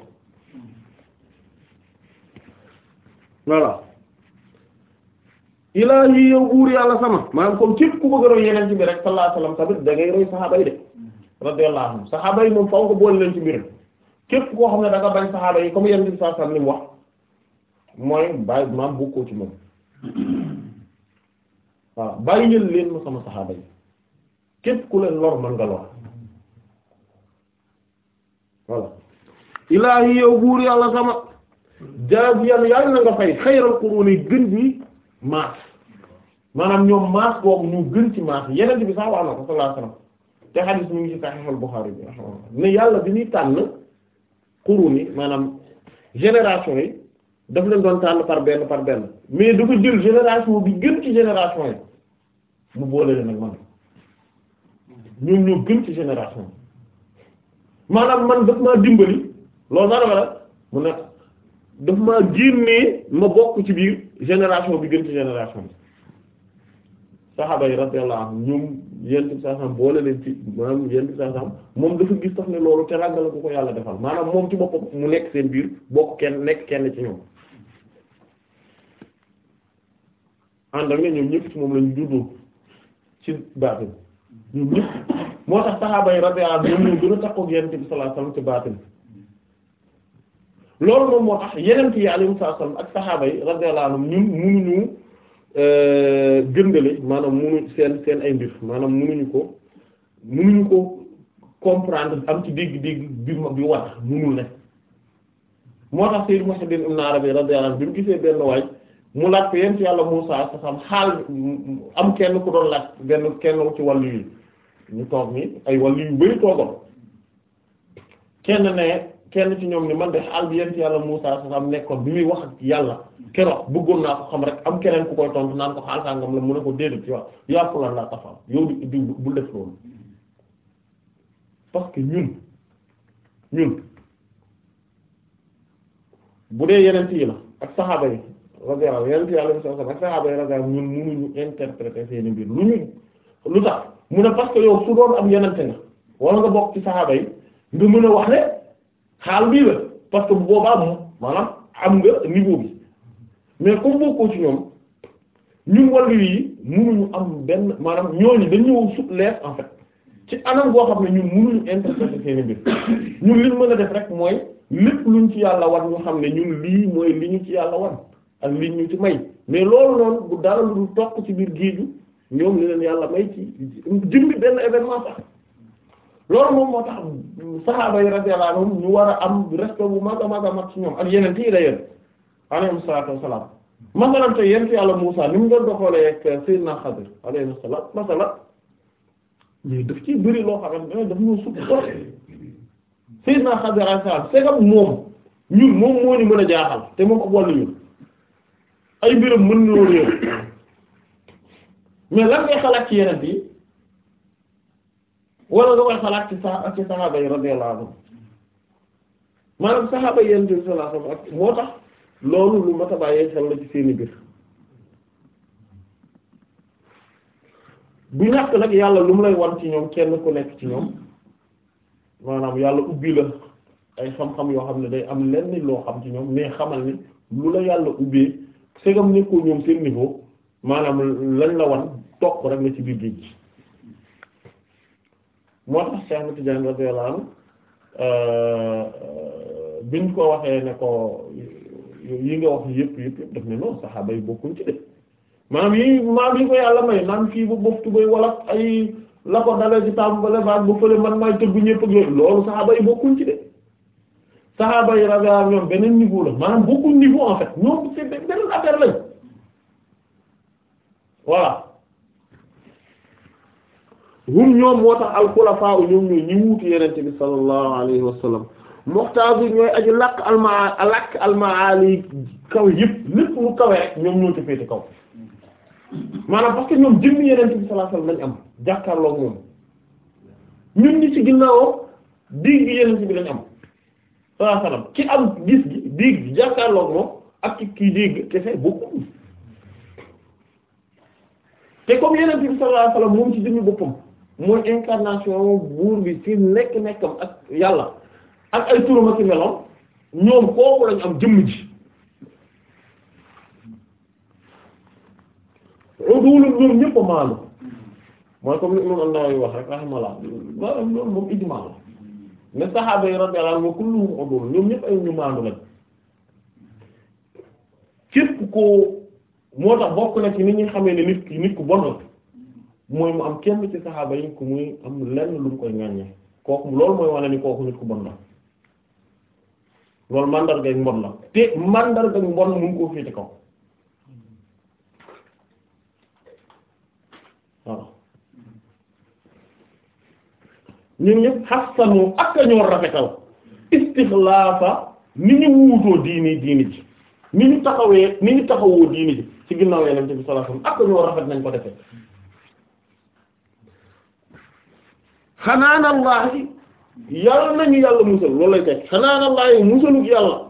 voilà ilaahi yow buur yàlla sama maanaam comme képp ku bëgg a roy yeneen ci bi rek sallallahu alayhi wasallam tamit da ngay roy saxaaba yi de radiyallahu anhum moom faw nga boole leen ci mbir képp koo xam ne nga bañ saxaaba yi comme yeneen ci sallallahu alayhi wasallam ni mooy bàyyi maam bokkoo ci waaw bàyyi ngeen leen ma sama saxaaba yi képp ku leen lor man nga lor voilà ilaahi yow buur yàlla sama jaaziyan yàlla na nga fay xayral quruni gën bi maas maanaam ñoom maas boobu ñu gën ci maas yeneen bi sax wax na ko sallallahu alayhi wasallam te xadiis mu ngi ci Sahih al-Bukhari bi ne yàlla bi ñuy tànn quruni maanaam génération yi daf leen doon tànn par benn par benn mais dafa jël génération bi gën ci génération yi mu boole leen ak man ñoom ñoo gën ci génération maanaam man daf maa dimbali loolu dara mu ne daf maa génnee ma bokk ci biir génération bi gën ci génération bi saxaaba yi radiyallahu anhum ñoom yent saa sam boole leen ci maanaam yent saa sam moom dafa gis sax ne loolu teraanga la ko ko yàlla defal maanaam moom ci boppam mu nekk seen biir bokk kenn nekk kenn ci ñoom ànd ak ne ñoom ñëpp ci moom lañu juddoo ci baatin ñoom ñëpp moo tax saxaaba yi radiyallahu ñoom ñoo takkook yonent bi sallallahu alayhi wasallam ci baatin loolu moom moo tax yonent yi alayhimu salaam ak saxaaba yi radiyallahu ñun munuñu euh, gëndale maanaam munu seen seen ay mbir maanaam munuñu ko munuñu ko comprendre am ci dégg-dégg bi ma bi war munul ne moo tax Sayyid Muhammad ibn Arabi radiyallahu bi mu gisee benn waay. mu laaj ko yéen ci yàlla Muusaa sa xam xaal am kenn ku doon laaj benn kenn ci wàllu yi ñu toog ni ay wàllu yu bari toogoon kenn ne kenn ci ñoom ni man de xaal bi yéen ci yàlla Muusaa sa xam nekkoon bi muy wax ak yàlla keroog bëggoon naa ko xam rek am keneen ku koy tontu naan ko xaal sàngam la mu ne ko déedéet ci wax yaa fulan laa tafam yow di di bu def loolu parce que ñun ñun bu dee yeneen yi la ak saxaaba yi radiyallahu yonent yàlla sallallahu alayhi wa sallam sahaaba yi radiyallahu ñun mënuñu interpréter seeni mbir lu ñu lu tax mu ne parce que yow su doon am yonent nga wala nga bokk ci sahaaba nga mën a wax ne xaal bii la parce que bu boobaa moom maanaam am nga niveau bi mais comme bokkoo ci ñoom ñun wàllu yi mënuñu am benn maanaam ñooñu dañ dañu sut leer en fait ci anam goo xam ne ñun mënuñu interpréter seeni mbir ñun liñ mën a def rek mooy lépp luñ ci yàlla wan ñu xam ne ñun lii mooy li ñu ci yàlla wan ak li ñu ci may mais loolu noonu bu dara lu toq ci biir géeju ñoom li leen yàlla may ci jëmbi benn événement sax loolu moom moo tax saxaaba yi radiyallahu anhum ñu war a am respect bu mag a mag ci ñoom ak yeneen tii day yéen alayhim salaatu wassalaam masalan te yéen ci yàlla Muusaa ni mu doon doxalee ak Seydina Xadir alayhi salaam masalan mais daf ciy bëri loo xamante daf ñoo sukk trop Seydina Xadir alayhi salaam c'est moom ñun moom moo ñu mën a jaaxal te moom ay mbiram mën na réer mais lan ngay xalaat ci yeneen bi wala nga koy xalaat ci sa ci saxaaba yi maanaam saxaaba yi yeneen bi sallallahu moo tax loolu lu mat a bàyyee xel la ci seeni biir bu ñàkk nag yàlla lu mu lay wan ci ñoom kenn ku nekk ci ñoom maanaam yàlla ubbi la ay xam-xam yoo xam ne day am lenn loo xam ci ñoom mais xamal ni lu la yàlla ubbee segam nekkul ñoom seen niveau maanaam lañ la wan topp rek la ci biir géej gi moo tax Cheikh Ahmad Tidiane radiyallahu anhu euh, biñ ko waxee ne ko yi nga wax yëpp yëpp yëpp daf ne non saxaaba yi bokkuñ ci de maanaam yi maam yi ko yàlla may naan fii ba bopp tubay wala ay la ko dalee ci tàmbale baat bu fële man maay tëgg ñëpp ak loolu saxaaba yi bokkuñ ci de saxaaba yi radiyallahu anhum beneen niveau la maanaam beaucoup niveau en fait ñoom ñi wuutu yenente bi sallallahu alayhi wa sallam ñooy aju làkk almaa làkk almaali kaw yëpp lépp lu kawe rek ñoom ñoo ci féete kaw maanaam parce que ñoom jëmmi yenente bi sallallahu alayhi wa am jàkkaarloo moom ñun ñi ci ginnaawoo dégg yenente bi lañ am sallallahu alayhi wasallam ki am gis gi dégg gi jàkkaarloog moom ak ki kii dégg kese bokkul te comme yeneen bi sallallahu alayhi wasallam moom ci jëmmi boppam mooy incarnation buur bi ci nekk nekkam ak yàlla ak ay turam ak meloom ñoom kooku lañ am jëmm ji udul ñoom ñëpp a maalu mooy comme li imam an-Nawawi wax rek raxamala maanaam moom ijmaa ne saxaaba yi radiyallahu anhum kulluhum udul ñoom ñëpp ay ñu maandu lañ képp koo moo tax bokk na ci ni ñuy xamee ne nit ki nit ku bon mooy mu am kenn ci saxaaba yi ku muy am lenn lu mu koy ŋàññe kooku loolu mooy wane ni kooku nit ku bon la loolu mandarga mbon la te mandarga mbon mu ngi koo féete kaw ñun ñëpp xasanu ak a ñoo rafetal istixlaafa ni ñu wuutoo diini diini ji ni ñu taxawee ni ñu taxawoo diini ji ci ginnaaw yenente bi sallallahu alayhi wasallam ak a ñoo rafet nañ ko defee xanaanallaahi yàlla ñu yàlla musal loolu lay teg xanaanallaahi musaluk yàlla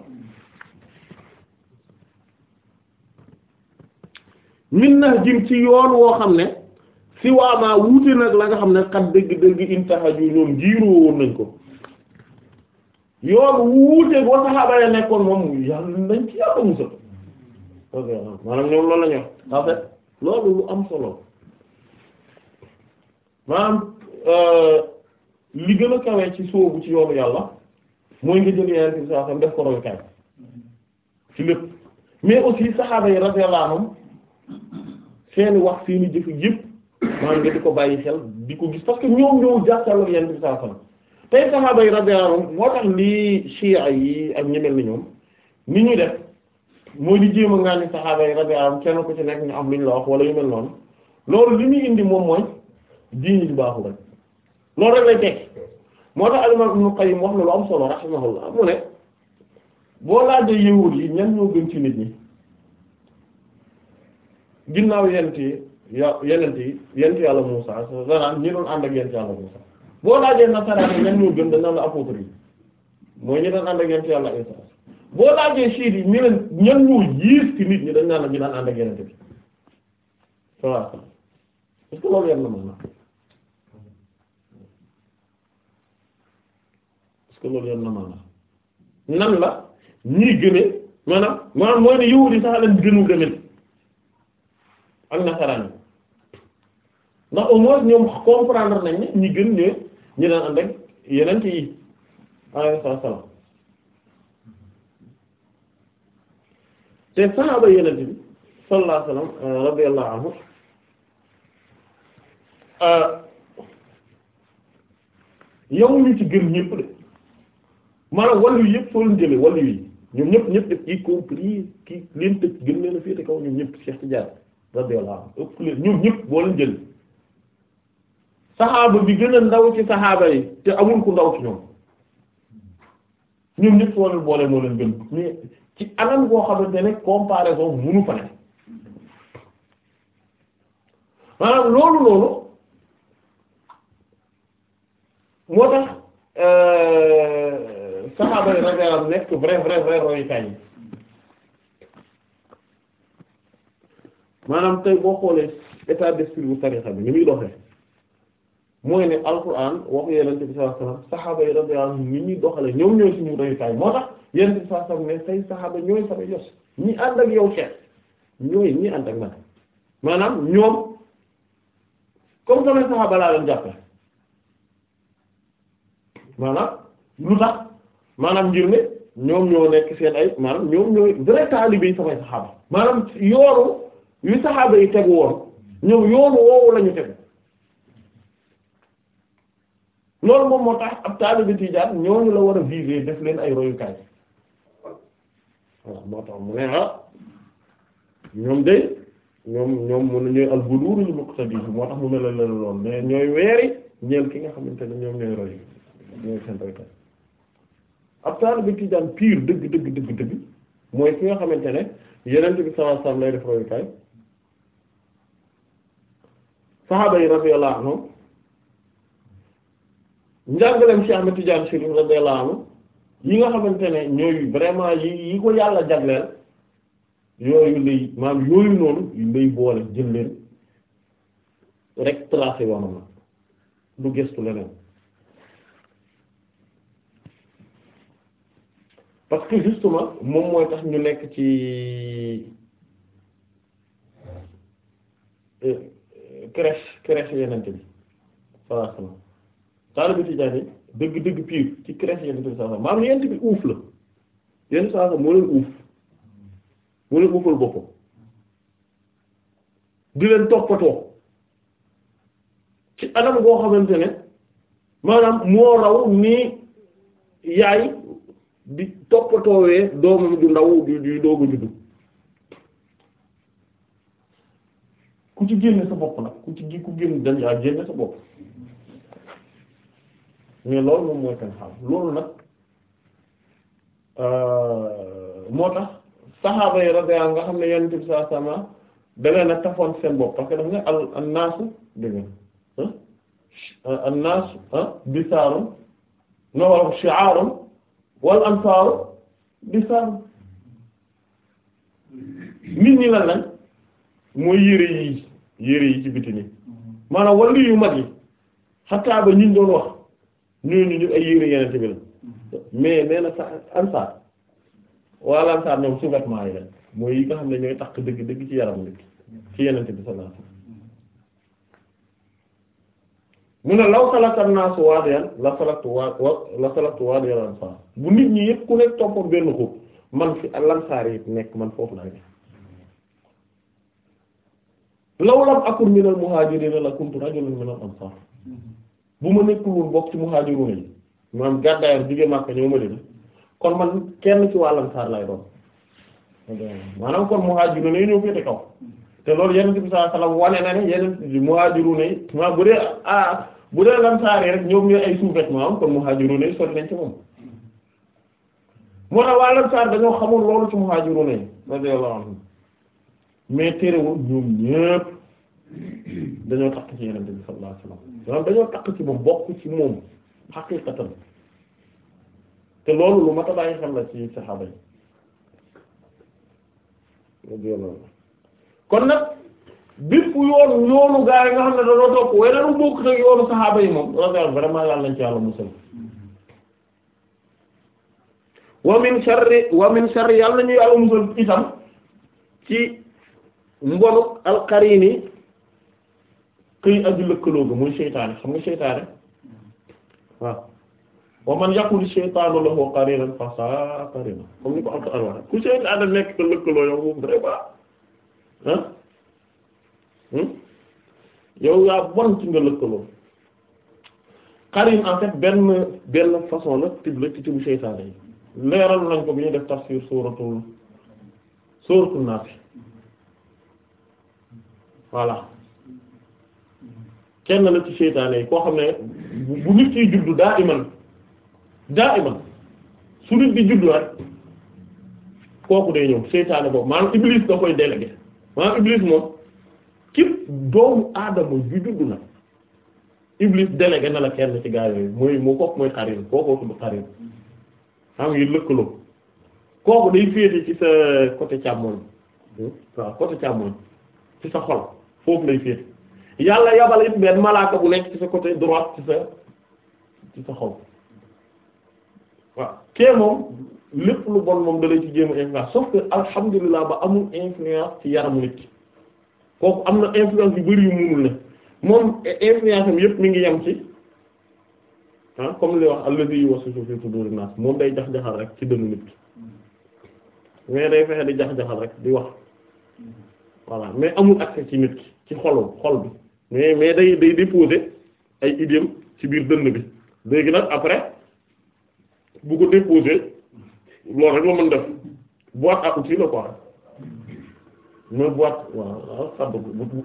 min na jim ci yoon woo xam ne si waamaa wuute nag la nga xam ne xat dëgg-dëgg intahaju ñoom jiiroo woon nañ ko yoon wuute boo saxaaba ya nekkoon moom yàlla nañ ci yàlla musal maanaam am solo maanaam euh, li gën a kawee ci sóobu ci yoonu yàlla mooy nga jël yeneen bi saa def ko royukaay ci lépp mais aussi saxaaba yi radiyallahu seeni wax seeni jëf yëpp mooy nga di ko bàyyi xel di ko gis parce que ñoom ñoo jàkkaarloo yonent bi sallallahu alayhi wasallam tey saxaaba yi moo tax lii Shia yi ak ñemel ni ñoom ni ñu def mooy di jéem a ngaani saxaaba yi radiyallahu anhum kenn ku ci nekk ñu am lu la wax wala yu mel noonu loolu li mu indi moom mooy diini bu baaxul rek loolu rek lay teg moo tax al-Imam Ibn Qayyim wax na lu am solo rahimahullah mu ne boo laajee yawut yi ñan ñoo gën ci nit ñi ginnaaw yonent yi ya yenent yi yent yàlla Muusaa nasaraan ñi doon ànd ak yent yàlla Muusaa boo laajee nasaraan yi ñan ñoo gën dañ naan la apôtre yi mooy ñi doon ànd ak yent yàlla Isaa boo laajee chiites yi ñu leen ñan ñoo yiis ci nit ñi dañ naan la ñu daan ànd ak yenent bi voilà est-ce que loolu yenn mën na est-ce que loolu yenn mën na nan la ñii gënee maanaam maanaam mooy ne yahudi sax lañ gënu gëmel ak nasaraan ndax au moins ñoom comprendre nañ ñi gën ñee ñi daan ànd ak yeneen yi alayhi salaam te sahaaba yeneen bi sallallahu alayhi wasallam radiyallahu anhu ñu euh, ci gën ñëpp de maanaam wàllu yëpp soo leen jëlee wàllu yi ñoom ñëpp ñëpp def y compris ki leen tëj gën leen a féete kaw ñoom ñëpp Cheikh Tidiane radiyallahu anhu ëpp ñoom ñëpp boo leen saxaaba bi gën a ndaw ci saxaaba yi te amul ku ndaw ci ñoom ñoom ñëpp soo boole moo leen gën ci anam koo xamante ne comparaison munu fa ne maanaam loolu loolu moo tax euh, saxaaba yi radiyallahu nekk vrai vrai vrai royukaay yi maanaam tey boo xoolee état d'esprit bu tarixa bi ni muy doxee mooy ne alquran waxu yenente bi sallallahu alayhi wasallam saxaaba yi radiyallahu anhum ni ñuy doxale ñoom ñooy suñu royukaay moo tax yenente bi sallallahu alayhi wasallam ne say saxaaba ñooy sama yos ànd ak yow xeet ñooy ñi ànd ak man maanaam ñoom comme sama saxaaba laa leen jàppe maanaam lu tax maanaam ngir ñoom ñoo nekk seen ay maanaam ñoom ñooy vrai taalibe yi samay saxaaba maanaam yoonu yu saxaaba yi tegu woon ñoom yoonu woowu la tegu loolu moom moo tax ab taalibe tijaan ñooñu la war a viser def leen ay royukaay waaw moo tax mu ne ah ñoom de ñoom ñoom mu ne ñooy albuduuru ñu muqtadi moo tax mu ne la la lool mais ñooy weeri ñeel ki nga xamante ne ñoom ñooy roy ñooy seen royukaay ab taalibe tijaan pire dëgg dëgg dëgg dëgg mooy ki nga xamante ne yeneen bi sallallahu alayhi lay def royukaay saxaaba yi radiyallahu anhum njàngaleem Cheikh Ahmed Tidiane Chérif radiyallahu anhu yi nga xamante ne ñooy vraiment yi yi ko yàlla jagleel yooyu lay maam yooyu noonu yu lay boole jël leen rek tracé yoonam nag du gëstu leneen parce que justement moom mooy tax ñu nekk ci euh, crèche crèche yenente bi sallallahu alayhi taalibe Tijaan yi dëgg-dëgg pire ci crèche yonent bi sallallahu alayhi wasallam maanaam yonent bi uuf la yonent sallallahu moo leen uuf moo leen uufal boppam di leen toppatoo ci anam goo xamante ne maanaam moo raw nii yaay di toppatoowee doomam du ndaw du du doogu juddu ku ci génne sa bopp nag ku ci ku génn dañ yaa génne sa bopp mais loolu moom mooy seen xaal loolu nag euh, moo tax saxaaba yi radiyallahu nga xam ne yonent bi sallallahu alayhi wasallam dalee na tafoon seen bopp parce que daf ne al al naasu dégg nga al ah, ah, naasu ah, bisaarum no wala shi'aarum nit ñi lan lañ mooy yére yi yére yi ci biti nii maanaam wàllu yu mag yi xataa ñun doon wax. ñooñu ñu ay yére yeneen bi la mais nee sa ansaar wala ansaar ñoom sous-vêtements yi mooy yi nga xam ne ñooy takk dëgg dëgg ci yaram bi ci yeneen bi sallallahu alayhi mu ne law salata naasu waadiyan la salatu wa la salatu waadiyal nit ñi yëpp ko man yi nekk man foofu laa nekk law lam akun minal muhaajiriina la kuntu rajulan minal ansaar bu ma nekkul woon bokk ci muhaajiruun yi maanaam gàddaayam jóge Makka ñëw Madina kon man kenn ci wàllam saar lay doon maanaam kon muhaajiruun yi ñëw féete kaw te loolu Yonent bi sallallahu alayhi wasallam wane na ne Yonent muhaajiruun yi maanaam bu dee ah bu dee Ansaar yi rek ñoom ñooy ay suufet maanaam kon muhaajiruun yi sori nañ moom. moo tax waa Ansaar dañoo xamul loolu ci muhaajiruun yi radiyallahu anhum mais terewul ñoom ñépp (clears throat) dañoo takk ci yenente bi sallallahu alayhi wasallam dañoo takk ci moom bokk ci moom xaqiiqatan te loolu lu mat a bàyyi xel la ci saxaaba yi kon nag bépp yoonu yoonu gaa yi nga xam ne dañoo topp weneen bokk nag yoonu saxaaba yi moom ragal vraiment yàlla nañ ci yàlla musal wa min sharri wa min sharri yàlla nañu yàlla musal itam ci mbonu alqarini këy aju lëkkaloo ga muy seytaane xam nga seytaane waaw wa man yaqul seytaanu lahu qarinan fa sa'a qarina comme ni ko am ta alwaxe ku seytaane nekk te lëkkaloo yow moom vraiment ah hmm yow yaa bon ci nga lëkkaloo qarin en benn benn façon la tib la ci seytaane yi leeral nañ ko bi ñuy def tafsir suuratul suuratul naas voilà kenn la ci seytaane yi koo xam ne bu nit ciy juddu daa iman daa iman su nit di juddu rek kooku day ñëw seytaane boobu maanaam iblis da koy délégué maanaam iblis moom képp doomu aadama ju juddu na iblis délégué na la kenn ci gaa yooyu mooy moo kooku mooy xarin kookoo tudd xarin xam ngi lëkkaloo kooku day féete ci sa côté càmmoñ hmm? waaw côté ci sa xol foofu lay féete yàlla yabal it benn malaaka bu nekk ci sa côté ci sa ci waaw kee moom lépp lu bon moom da lay ci jéem a influence sauf que alhamdulilah ba amul influence ci yaramu nit ki kooku am na influence yu bari yu munul ne moom influence am yépp mi ngi yem ci ah comme li wax alladhi yuwaswisu fi suduri nas moom day jax-jaxal rek ci dënnu nit mais day fexe di jax-jaxal rek di wax voilà mais amul accès ci nit ki ci xolu xol bi mais mais day day déposer ay idéem ci biir dënn bi léegi nag après bu ko déposer loolu rek la mën def boîte à outils la quoi mooy boîte ah. (laughs) boobu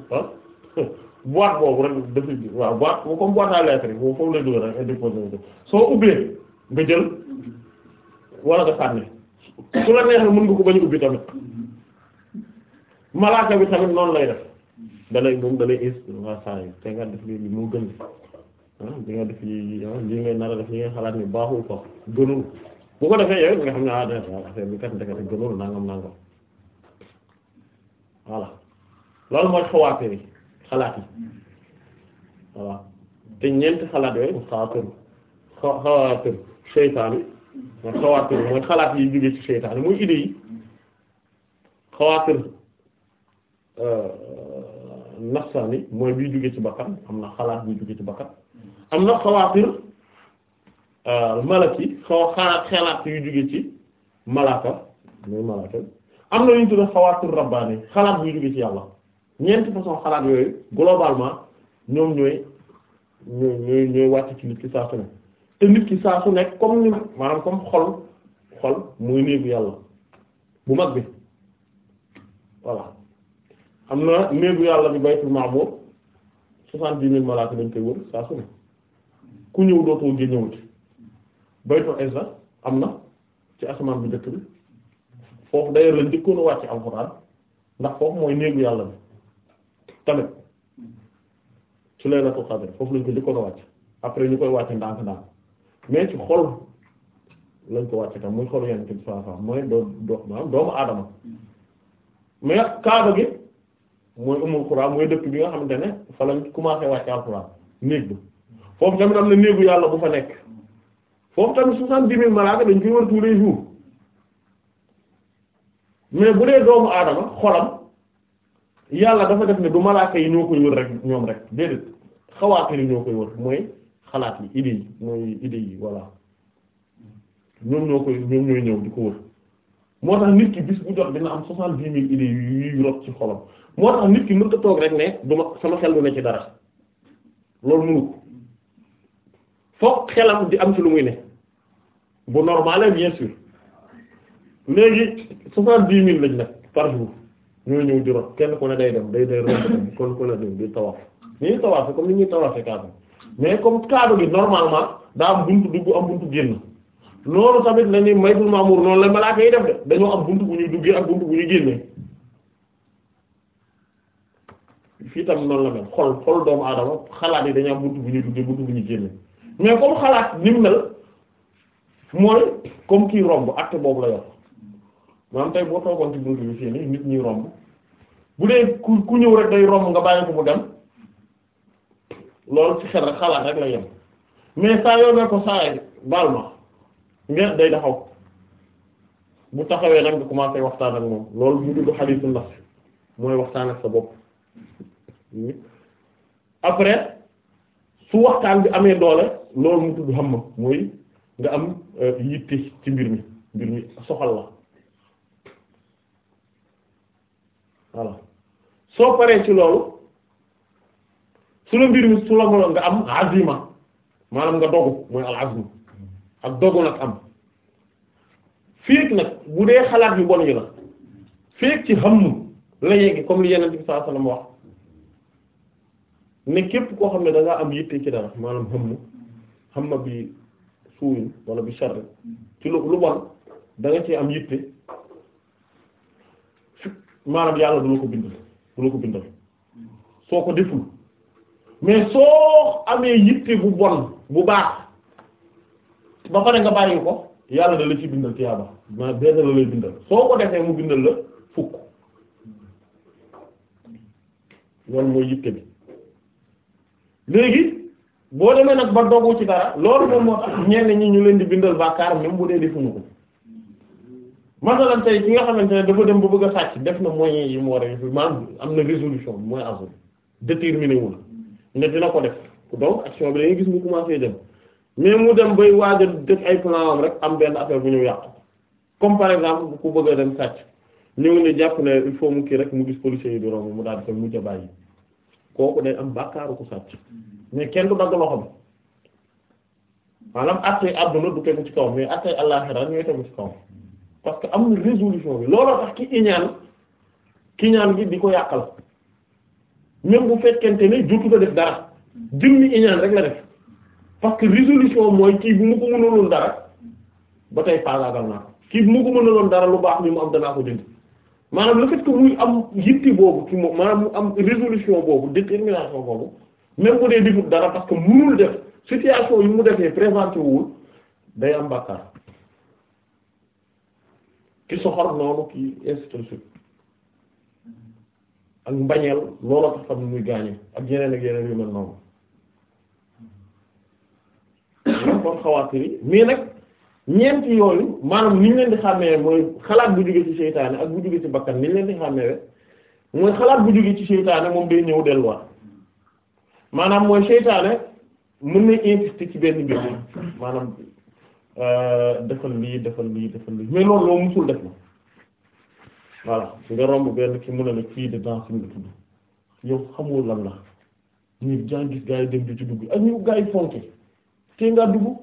rek dafay waaw boîte comme boîte à lettres boobu foofu lay dugal rek ay déposer def soo ubbee nga jël wala nga sànni su la neexee mën nga ko bañ ubbi tamit malaaka bi tamit noonu lay def dalay moom dalay is waa saa yi te nga def lii moo gën ah, di nga def yi ah, lii ngay nar a def yi nga xalaat ni baaxul ko gënul bu ko defee yow nga xam ne ah dina affaire bi kat ndekete gënul loolu mooy xawaatir yi xalaat te ñeenti xalaat yooyu xawaatir xawaatir seytaan mooy xawaatir mooy xalaat yi jógee ci seytaan yi mooy yi xawaatir euh, nafsaani mooy biy jóge ci bakkan am na xalaat biy jóge ci bakkan am na xawaatir euh, malaki xaw xalaat xalaat yu ci malaaka mooy malaaka am na yuñ tudd xawaatir xalaat buy jóge ci yàlla ñeenti façon xalaat yooyu globalement ñoom ñooy ñooy ñooy ñooy wàcc ci nit ki saa su nekk te nit ki saa su nekk comme ni maanaam comme xol xol mooy néegu yàlla bu mag bi voilà am na néegu yàlla bi baytul ma'mur soixante-dix mille malaaka dañ koy wër saa su ne ku ñëw dootoo génnewuti baytul izza am na ci asamaan bu njëkk bi foofu d'ailleurs lañ njëkkoon a ndax foofu mooy néegu yàlla bi tamit ci laylatul qadr foofu lañ ko njëkkoon a wàcc après ñu koy wàcc ndànk ndànk mais ci xol lañ ko wàcce tam muy xol yenn ci saa saa mooy doo doomu aadama mais kaaba gi mooy umul qura mooy dëkk bi nga xamante ne fa lañ commencé wàcc alquran néeg ba foofu tamit am na néegu yàlla bu fa nekk foofu tamit soixante-dix mille malaaka dañ koy wër tous les mais bu dee doomu aadama xolam yàlla dafa def ne du malaaka yi ñoo koy wër rek ñoom rek déedéet xawaatir yi ñoo koy wër mooy xalaat yi idée yi mooy idée yi voilà ñoom ñoo koy ñoom ñooy ñëw di ko wër moo tax nit ki bis bu jot dina am soixante-dix mille idées yuy rot ci xolam moo tax nit ki mënut toog rek ne duma sama xel du ne ci dara loolu mënu ko xelam di am ci lu muy ne bu normal bien sûr léegi soixante-dix mille lañ nag par jour ñoo ñëw di rot kenn ku day dem day day rot kon ku ne dem di tawaaf ni ñu tawaafee comme ni ñuy tawaafee kaaba mais comme kaaba gi normalement daa am buntu dugg am buntu génn noonu tamit la ni maytul maamur noonu la malaaka yi def de dañoo am buntu bu ñuy duggee ak buntu bu ñuy génnee fii tam noonu la mel xol xol doomu aadama xalaat yi dañoo am buntu bu ñuy duggee buntu bu ñuy génnee mais comme xalaat ni mu mel mooy comme kii romb acte boobu la yor maanaam tey boo toogoon ci buntu bi fii nii nit ñi romb bu dee ku ku ñëw rek day romb nga bàyyi ko mu dem loolu ci xel rek xalaat rek la yem mais saa yoo ko saa baal ma. nga day taxaw bu taxawee nag nga commencé waxtaan ak moom loolu mu dugg xadiisu nafs mooy waxtaan ak sa bopp après su waxtaan bi amee doole loolu mu tudd xam ma mooy nga am euh, yitte ci mbir mi mbir mi soxal la voilà soo paree ci loolu su la mbir mi su la nga am azima maanaam nga dogu mooy al azma ak dogu nag am féeg nag bu dee xalaat yu bon yi la féeg ci xamm la yegg comme li yeneen bi sallallahu alayhi wasallam wax ne képp koo xam ne danga am yitte ci dara maanaam xamm xamma bi suuyin wala bi sharr ci lu lu bon da ci am yitte maanaam yàlla du la ko bindal du la ko bindal soo ko deful mais soo amee yitte bu bon bu baax ba pare nga bàyyi ko yàlla da la ci bindal tiyaaba ma benn la lay bindal soo ko defee mu bindal la fukk loolu mooy yitte bi léegi boo demee nag ba dogu ci dara loolu moom moo tax ñu leen di bindal bàkkaar même bu dee defuñu nga xamante ne dafa dem ba bëgg a sàcc def na moyens yi mu war am na résolution mooy azul déterminé wu na ne dina ko def donc action bi da gis mu commencé dem. mais mu dem bay waaj a def ay plan rek am benn affaire bu ñu yàq comme par exemple ku bëgg a dem sàcc ñëw ne jàpp ne il faut mu kii rek mu gis policier yi di romb mu daal di koy mujj a bàyyi kooku day am bàkkaaru ku sàcc mais kenn du dagg loxo bi maanaam àttee àdduna du tegu ci kaw mais àttee àllaaxira ñooy tegu ci kaw parce que amul résolution bi looloo tax ki iñaan ki ñaan gi di ko yàqal même bu fekkente ne jotu ko def dara jëmmi iñaan rek la def. parce que résolution mooy kii bu mu ko mënaloon dara ba tey faagaagal naa kii bu mu ko mënaloon dara lu baax mi mu am danaa ko jënd maanaam le fait muy am yitti boobu ci moom maanaam mu am résolution boobu détermination boobu même bu dee defut dara parce que mënul def situation yi mu defee présenté wul day am bàkkaar ki soxor noonu ki institution ak mbañeel looloo tax xam muy gaañe ak yeneen ak yeneen yu mel noonu doon xawaatir yi mais nag ñeenti yooyu maanaam ni leen di xàmmee mooy xalaat bu jóge ci seytaane ak bu jóge ci bakkan ni leen di xàmmee mooy xalaat bu jóge ci seytaane moom day ñëw delluwaat maanaam mooy seytaane mën na insister ci benn mbir maanaam euh, defal lii defal lii defal lii mais loolu loo musul def na voilà nga romb benn ki mën a la kii de danse bi tudd yow xamul lan la ñu jàngis gaa yi dem di ci ak ñu gaa yi fonke tey ngaa duggu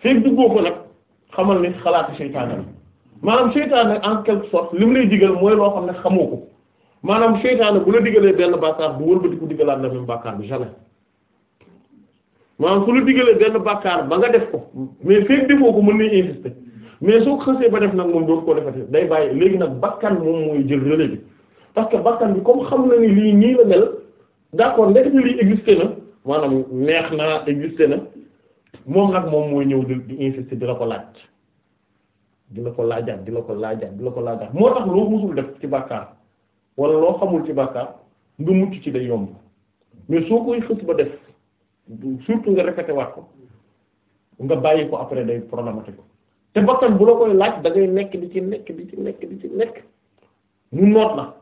feeg duggoo ko nag xamal ne xalaatu seytaane la maanaam seytaane en quelque sorte li mu lay digal mooy loo xam ne xamoo ko maanaam seytaane bu la digalee benn bàkkaar bu wëlbati ko digalaat la même bàkkaar bi jamais maanaam su la digalee benn bàkkaar ba nga def ko mais feeg defoo ko mën nañ insister mais soo xasee ba def nag moom dootu ko defati day bàyyi léegi nag bakkan moom mooy jël relais bi parce que bakkan bi comme xam na ni lii ñii la mel na. maanaam neex na existé na moom nag moom mooy ñëw di insister di la ko laaj di la ko laajaat di la ko laajaat di la ko laajaat moo tax loo musul def ci bàkkaar wala loo xamul ci bàkkaar nga mucc ci day yomb mais soo koy xës ba def surtout nga répété waat ko nga bàyyi ko après day problématique te bakkan bu la koy laaj da ngay nekk di ci nekk di ci nekk di ci nekk mu noot la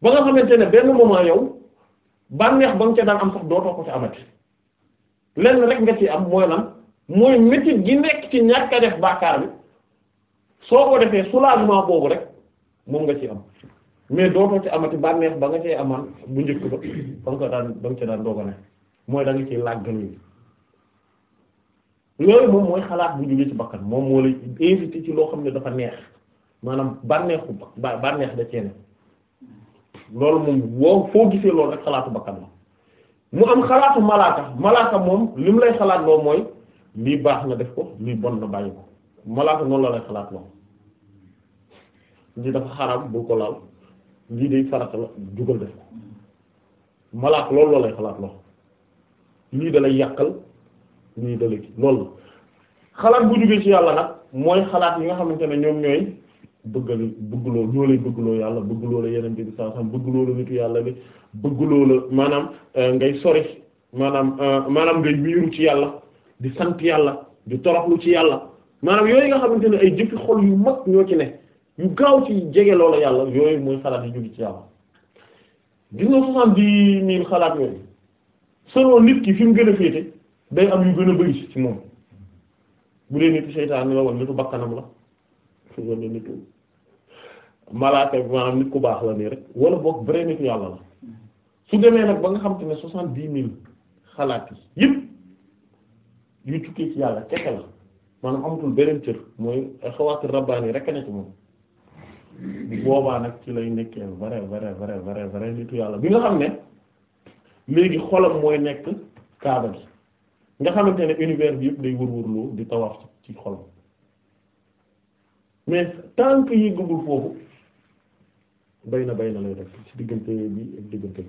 ba nga xamante ne benn moment yow bànneex ba nga ca daan am sax dootoo ko ca amati lenn rek nga ci am mooy lan mooy métit gi nekk ci ñàkk a def bàkkaar bi soo ko defee soulagement boobu rek moom nga ci am mais dootoo ci amati bànneex ba nga cee amaan bu njëkk ba ba nga ko daan ba nga ca mooy da nga ciy làggal yi loolu moom mooy xalaat bu jógee ci bakkan moom moo lay invité ci loo xam ne dafa neex maanaam bànneexu ba bànneex da cee loolu moom boo foo gisee loolu rek xalaatu bakkan la mu am xalaatu malaaka malaaka moom li mu lay xalaat loo mooy lii baax na def ko lii bon na bàyyi ko malaaka noonu la xalaat loo lii dafa xaraam bul ko laal lii day farata la jugal def ko malaaka loolu loo lay xalaat loo lii da lay yàqal lii da lay loolu la xalaat bu jógee ci yàlla nag mooy xalaat yi nga xamante ne ñoom ñooy bëggal bëggloo ñoo lay bëggloo yàlla bëggloo la yeneen bi saa sam bëggloo la nitu yàlla bi bëggloo la maanaam euh, ngay sori maanaam euh, maanaam ngay miiru ci yàlla di sant yàlla di toroxlu ci yàlla maanaam yooyu nga xamante ne ay jëfi xol yu mag ñoo ci ne yu gaaw ci jege loola yàlla yooyu mooy xalaat yi jóge ci yàlla gis nga soixante-dix mille xalaat yooyu selon nit ki fi mu gën a féete day am yu gën a bëri ci moom bu dee nitu seytaane la wala nitu bakkanam la fi mu ne nit malaaka bi maanaam nit ku baax la nii rek wala boog vrai nit yàlla la su demee nag ba nga xam ne soixante dix mille xalaat yi yëpp yu tukkee ci yàlla kese la maanaam amatul beneen cër mooy xawaati rabbaan yi rek a nekk moom boobaa nag ci lay nekkee vrai vrai vrai vrai vrai nitu yàlla bi nga xam ne léegi xolam mooy nekk kaaba bi nga xamante ne univers bi yëpp day wër-wërloo di tawaaf ci xolam mais tant que yëggagul foofu bay na bay na lay def ci diggante bi ak diggante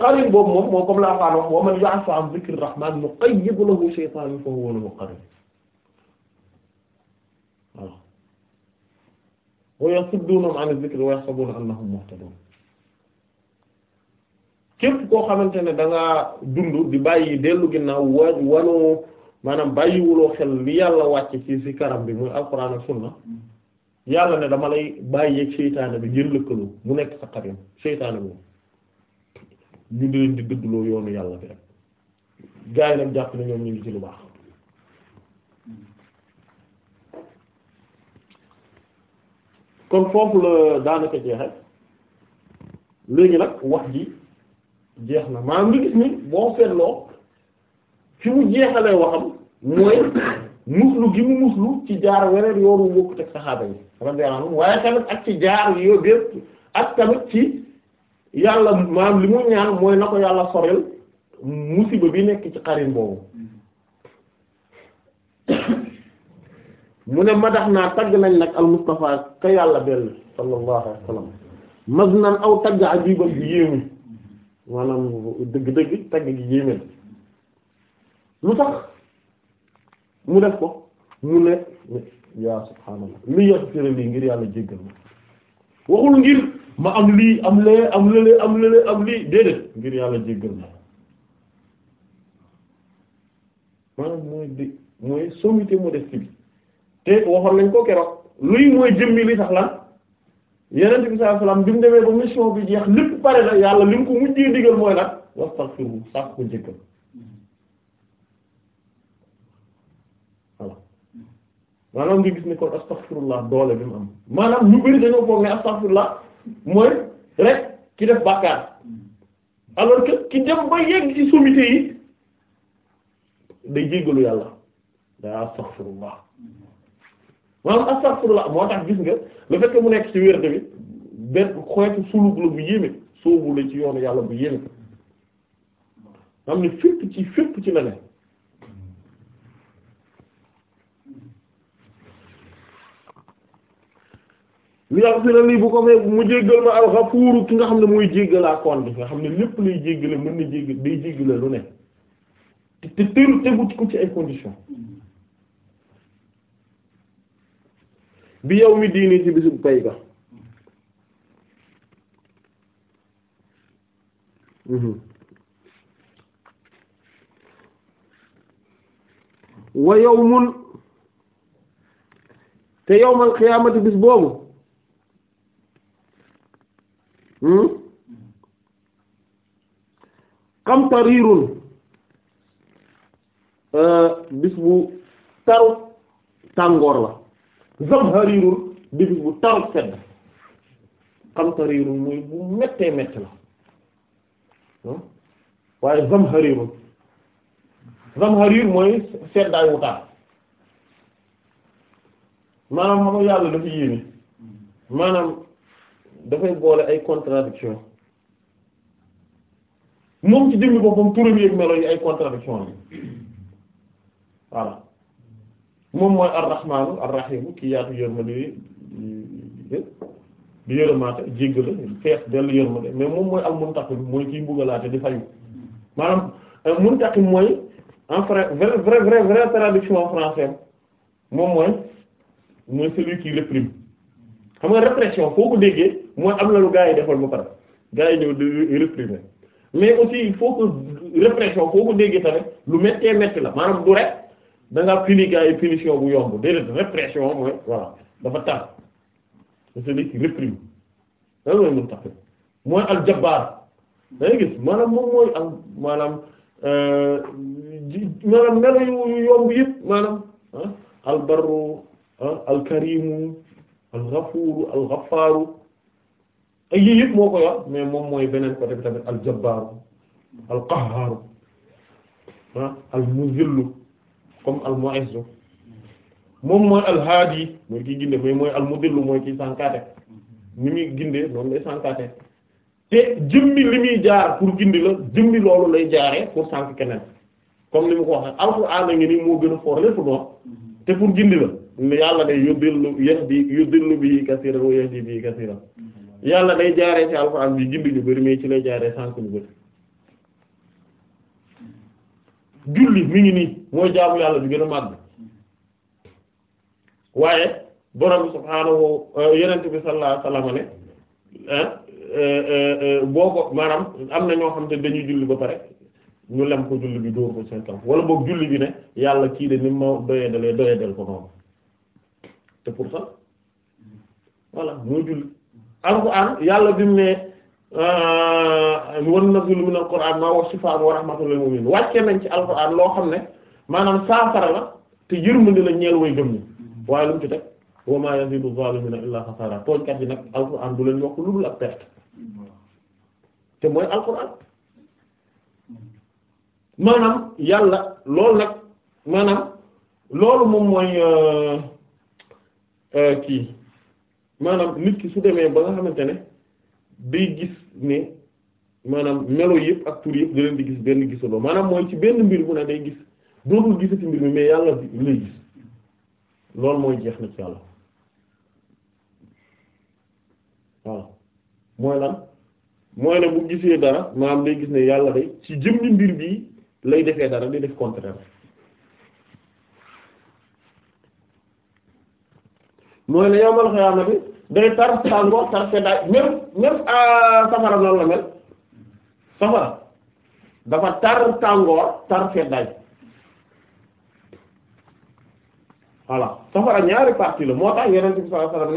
qarin boobu moom moo comme la faan wax wa man ya'fu an dhikri rahman nuqayyid lahu shaytanan fa huwa lahu qarin waaw wa yasuddunahum an dhikri wa yahsabuna annahum muhtadun képp koo xamante ne da ngaa dund di bàyyi dellu ginnaaw wa wanu maanaam bàyyiwuloo xel li yàlla wàcc ci karam bi muy alxuraan ak sunna yàlla ne dama lay bàyyi seytaane bi ngeen lëkkaloo mu nekk sa xarit seytaane bi ñu ngi di dëddloo yoonu yàlla bi rek gaa yi nag jàpp ne ñoom ñu ngi ci lu baax kon foofu la daanaka jeexee léegi nag wax ji jeex na maanaam nga gis ni boo seetloo fi mu jeexalee waxam mooy muslu gi mu muslu ci jaar weneen yoonu bokk teg saxaaba yi radiyallahu anhum waaye tamit ak ci jaar yo bépp ak tamit ci yàlla maanaam li mu ñaan mooy na ko yàlla sorel musiba bi nekk ci xarin boobu mu ne madax naa tagg nañ nag al Mustafa ka yàlla bell sallallahu alayhi wa sallam aw tagg ajiban bi yéemi maanaam dëgg-dëgg tagg gi yéeme lu tax mu def ko mu ne yaa subhaanallah li yaghfir lii ngir yàlla jéggal ma waxul ngir ma am lii am lee am lële am lële am lii déedéet ngir yàlla jéggal ma maanaam mooy di mooy sommité def bi te waxoon nañ ko keroog luy mooy jëmmi li tax lan yeneen bi sallallahu alayhi wasallam bi mu demee ba mission bi jeex lépp pare la yàlla li mu ko mujjee digal mooy nag wastaghfiru sax ko jéggal maanaam nga gis ni kon astaghfirullah doole bi mu am maanaam ñu bari dañoo foog ne astaghfirullah mooy rek ki def bàkkaar alors que ki dem ba yegg ci sommité yi day jéggalu yàlla daa astaghfirullah maanaam astaghfirullah moo tax gis nga le fait que mu nekk ci wérde bi benn xooytu suluk la bu yéeme soobu la ci yoonu yàlla bu yéeme am ne fépp ci fépp ci la ne li yaghfira li bu ko fee mu jéggal ma al ki nga xam ne mooy jéggalaa koon bi nga xam ne lépp lay jéggale mën na jéggal day jéggale lu ne te te tegu ci ay conditions bi yow mi diini ci bisub pay ga mhm. wa yawmun te yawmal qiyaamati bis boobu xam hmm? tariirun euh, bis bu taru tàngoor la zamharirun di bis bu taru sedd xam tariirun bu méttee métti la hmm? waaye zamharirun zamharir mooy seddaay wu taar maanaam xam nga yàlla dafa yéeme maanaam dafay boole ay contradiction moom ci jëmmi boppam turam yéeg melo yi ay contradiction yi voilà moom mooy ar-rahmaanu ar-rahiimu ki yaatu yërmande di yërëmaate jéggale fees dellu mais moom mooy al-muntaqim mooy kiy mbugalaate di fayu maanaam euh, muntaqim mooy en vrai vrai vrai vrai traduction moom mooy mooy celui qui réprime xam nga répression foo mooy am na lu gaa yi defoon ba pare gaa yi ñëw di tamit lu méttee métti la maanaam du rek da ngaa puni yi punition bu yomb déedéet répression mooy voilà dafa tar c'est li réprime lan mooy mun mooy al jabbaar da ngay moom mooy am maanaam euh, maanaam melo yu yomb yëpp maanaam ah, al barru al ah, karimu al-Ghafuuru al-Ghaffaaru ay yii yëpp moo ko yor mais moom mooy beneen côté bi tamit al-Jabbaaru al-Qahhaaru ah al-Muzillu comme al-Mu'izzu moom mooy al-Haadi mooy kiy ginde mais mooy al-Mudillu mooy kiy sànkaate ni muy ginde noonu lay sànkaate te jëmmi li muy jaar pour gindi la jëmmi loolu lay jaaree pour sànk keneen comme ni mu ko waxee alxuraan a ngi nii moo gën a foor lépp noonu te pour gindi la yàlla day yudillu yahdi yudillu bihi kaseeran wa yahdi bihi kaseeran yàlla day jaaree ci alxuraan bi gindi ñu bari mais ci lay jaare sànk ñu bari julli mi ngi nii mooy jaamu yàlla bi gën a màgg waaye borom subhaanahu euh, yenent bi sallallahu alayhi wasallam ne euh, euh, boo ko maanaam am na ñoo xam te dañuy julli ba pare ñu lem ko julli bi dóor ko seen kaw wala boog julli bi ne yàlla kii de ni ma doyee dalee doyee ko noonu te pourtant voilà moo julli alxuraan yàlla bi mu ne euh, wan nazzilu minal qur'aan maa huwa shifaa'un wa rahmatun lil mu'miniin nañ ci alxuraan loo xam ne maanaam saafara la te yërmande la ñeel way gëm ñi waaye lu mu ci teg wa maa yaziidu zaalimiina illaa xasaara tooñkat yi nag alxuraan du leen yokk lu dul ak perte te mooy alxuraan maanaam yàlla loolu nag maanaam loolu moom mooy. Euh, Euh, kii maanaam nit ki su demee ba nga xamante ne day gis ne maanaam melo yëpp ak tur yëpp da leen di gis benn gisaloo maanaam mooy ci benn mbir bu ne day gis dootul gisati mbir mi mais yàlla lay gis loolu mooy jeex na ci yàlla waaw mooy lan mooy ne bu gisee dara maanaam day gis ne yàlla day ci jëm ni mbir bii lay defee dara day def contraire mooy ne yowmal xiyaama bi day tar tàngoor tar seddaay même même euh, safara noonu la mel safara dafa tar tàngoor tar seddaay voilà safara ñaari partie la moo tax yonent bi sallallahu alayhi wasallam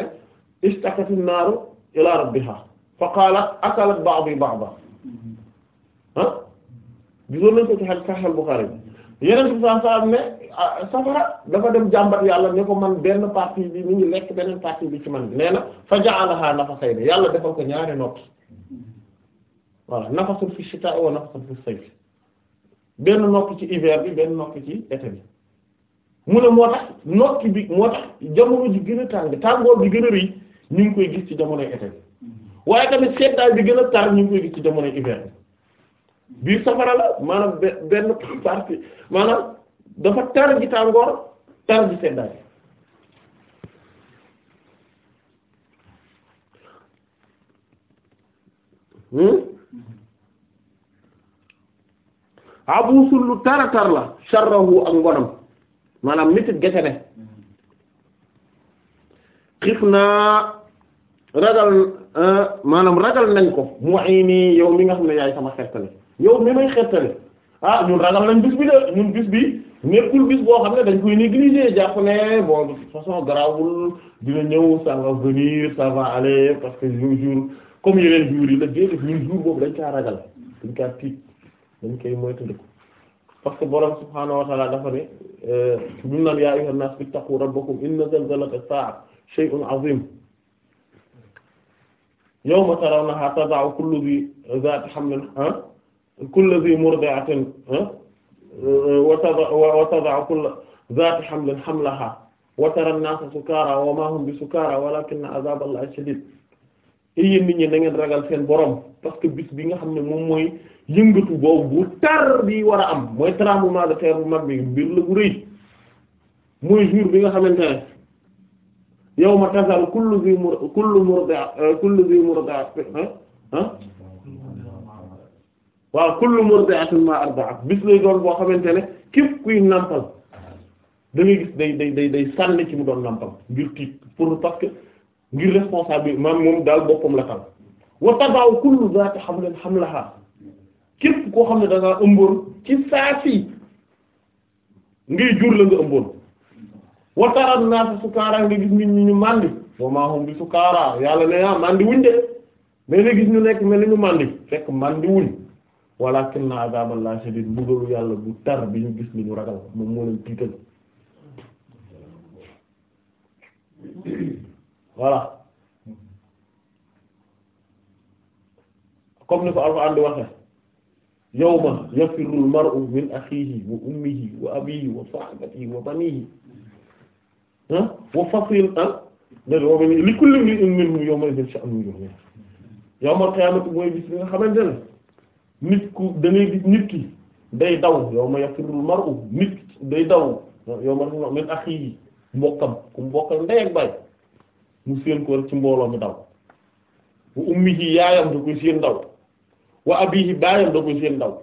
ne ishtaqati naaru ila rabbiha fa qaalat akalat ba'di ba'da ah gisoon nañ ko ci xel Sahih Bukhari bi yonent bi sallallahu alayhi wasallam ne Ah, safara dafa dem jàmbat yàlla ne ko man benn partie bi mi ngi lekk benn parti bi ci man nee na fa ja'alaha nafasayni yàlla defal ko ñaari nopp voilà nafasul fi shitaa'i wa nafasul fi sayf benn nopp ci hiver bi benn nopp ci été bi mu ne moo tax nokki bi moo tax jamono ji gën a tàng tàngoor bi gën a rëy ñu ngi koy gis ci jamonoy été bi waaye tamit seddaay bi gën a tar ñu ngi koy gis ci jamonoy hiver bi biir safara la maanaam benn partie maanaam dafa tar ji tàngoor tar ji seddaay hmm? abusul lu tara tar la sharrahu ak ngonam maanaam mitit gese ne xif naa ragal eh, maanaam ragal nañ ko mu ay nii yow mi nga xam ne yaay sama xertale yow mi may xertale ah ñun ragal nañ bis bi ñun bis nekkul bis boo xam ne dañ koy négliger jàpp ne bon de toute façon garawul dina ñëw ça va venir ça va parce que jour jour comme yeneen jours la déedéet ñun jour boobu dañ kaa ragal dañ kaa tiit dañ koy moytandiku parce que borom subhaanahu wa ta'ala dafa ne bu euh, ñu naan yaa ayyuhan naas ittaqu rabbakum inna zalzalata as-saa'ati shay'un 'azim yawma tarawnaha tada'u kullu dhaati hamlin kulla zi murdi'atin wa tada'u wa tada'u kulla zaati hamlin hamlahaa wa taran naasa sukaaraa wa maa hum bi sukaaraa walaakinna azaaballaahi shadiid yéen nit ñi da ngeen ragal seen borom parce que bis bi nga xam ne moom mooy yëngatu boobu bu tar bi war a am mooy tremblement de terre bu mag bi mbir la bu rëy mooy jour bi nga xamante ne yawma tazalu kullu zi mur kullu murdi'a kullu zi murdi'a waaw kullu murdi'atin ma ak bis lay doon boo xamante ne képp kuy nàmpal da gis day day day day sànni ci mu doon nàmpal ngir tiit pour parce que ngir responsable maam moom daal boppam la tal wa tada'u kullu zaati hamlin hamlaha képp koo xam ne da ngaa ci saa si ngay jur la nga ëmboon wa tara naasa sukaaraa nga gis nit ñu màndi wa maa hum bi sukaaraa yàlla ne ah màndi wuñ de mais nga gis ñu nekk mel ni ñu màndi fekk màndi wuñ walakinna azaballahi shadid mbugalu yàlla bu tar bi ñu gis li ñu ragal moom moo leen tiital voilà comme ni ko alxuraan di waxe yawma yafirul mar'u min axiihi wa ummihi wa abiihi wa sahbatihi wa baniihi wa fasil ah déedéet boobu li kulli imri'in minhum yawma idhin sha'nun yughnihi yawmal qiyaamati mooy bis bi nga xamante ne nit ku da ngay nit ki day daw yow ma yafirul mar'u nit day daw yow ma min akhihi mbokkam ku mbokkal ndey ak baay mu séen ko ci mbooloo mi daw bu ummihi yaayam da koy séen daw wa abihi baayam da koy séen daw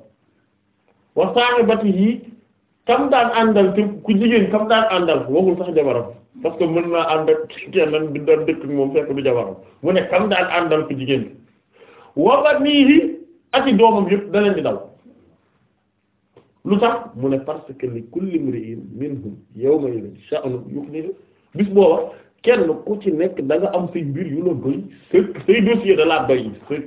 wa sahibatihi daan àndal te ku waxul sax jabaram parce mën naa ànd (laughs) kenn daan dëkk moom fekk du jabaram mu ne kam daan àndal ku jigéen wa banihi ak i doomam yëpp danañ di daw lu tax mu ne parce que li kulli imri'in minhum yawma idhin sha'nun yughnihi bis booba kenn ku ci nekk da am say mbir yu la doy sëkk say doy sëkk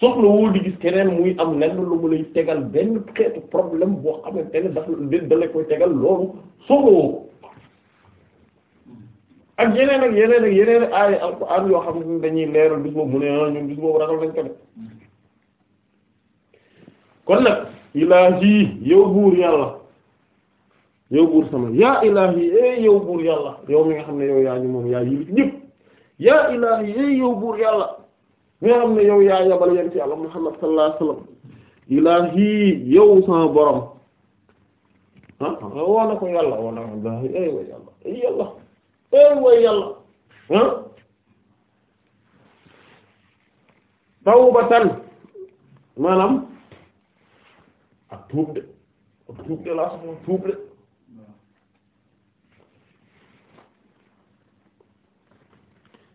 soxla woo di gis keneen muy am lenn lu mu lay tegal benn xeetu problème boo xamante ne daf da la koy tegal loolu soxla woo ak yeneen ak yeneen ak yeneen ay alquran yoo xam ne dañuy leeral bis boobu mu ne ah, ñun bis boobu ragal nañ ko de kon nag ilaahi yow buur yàlla yow buur sama yaa ilaahi eh yow buur yàlla yow mi nga xam ne yow yaa ñu moom yaa yilif ñëpp yaa ilaahi eh, yow buur yàlla mi nga xam ne yow yaa yabal yéen ci yàlla Muhammad sallallahu alayhi wasallam ilaahi sama borom ah, ah ko yàlla woo na ko ilaahi eh way yàlla yàlla eh, eh way yàlla ah. tawbatan maanaam. ak tuub de ak tuub de laa sama tuub de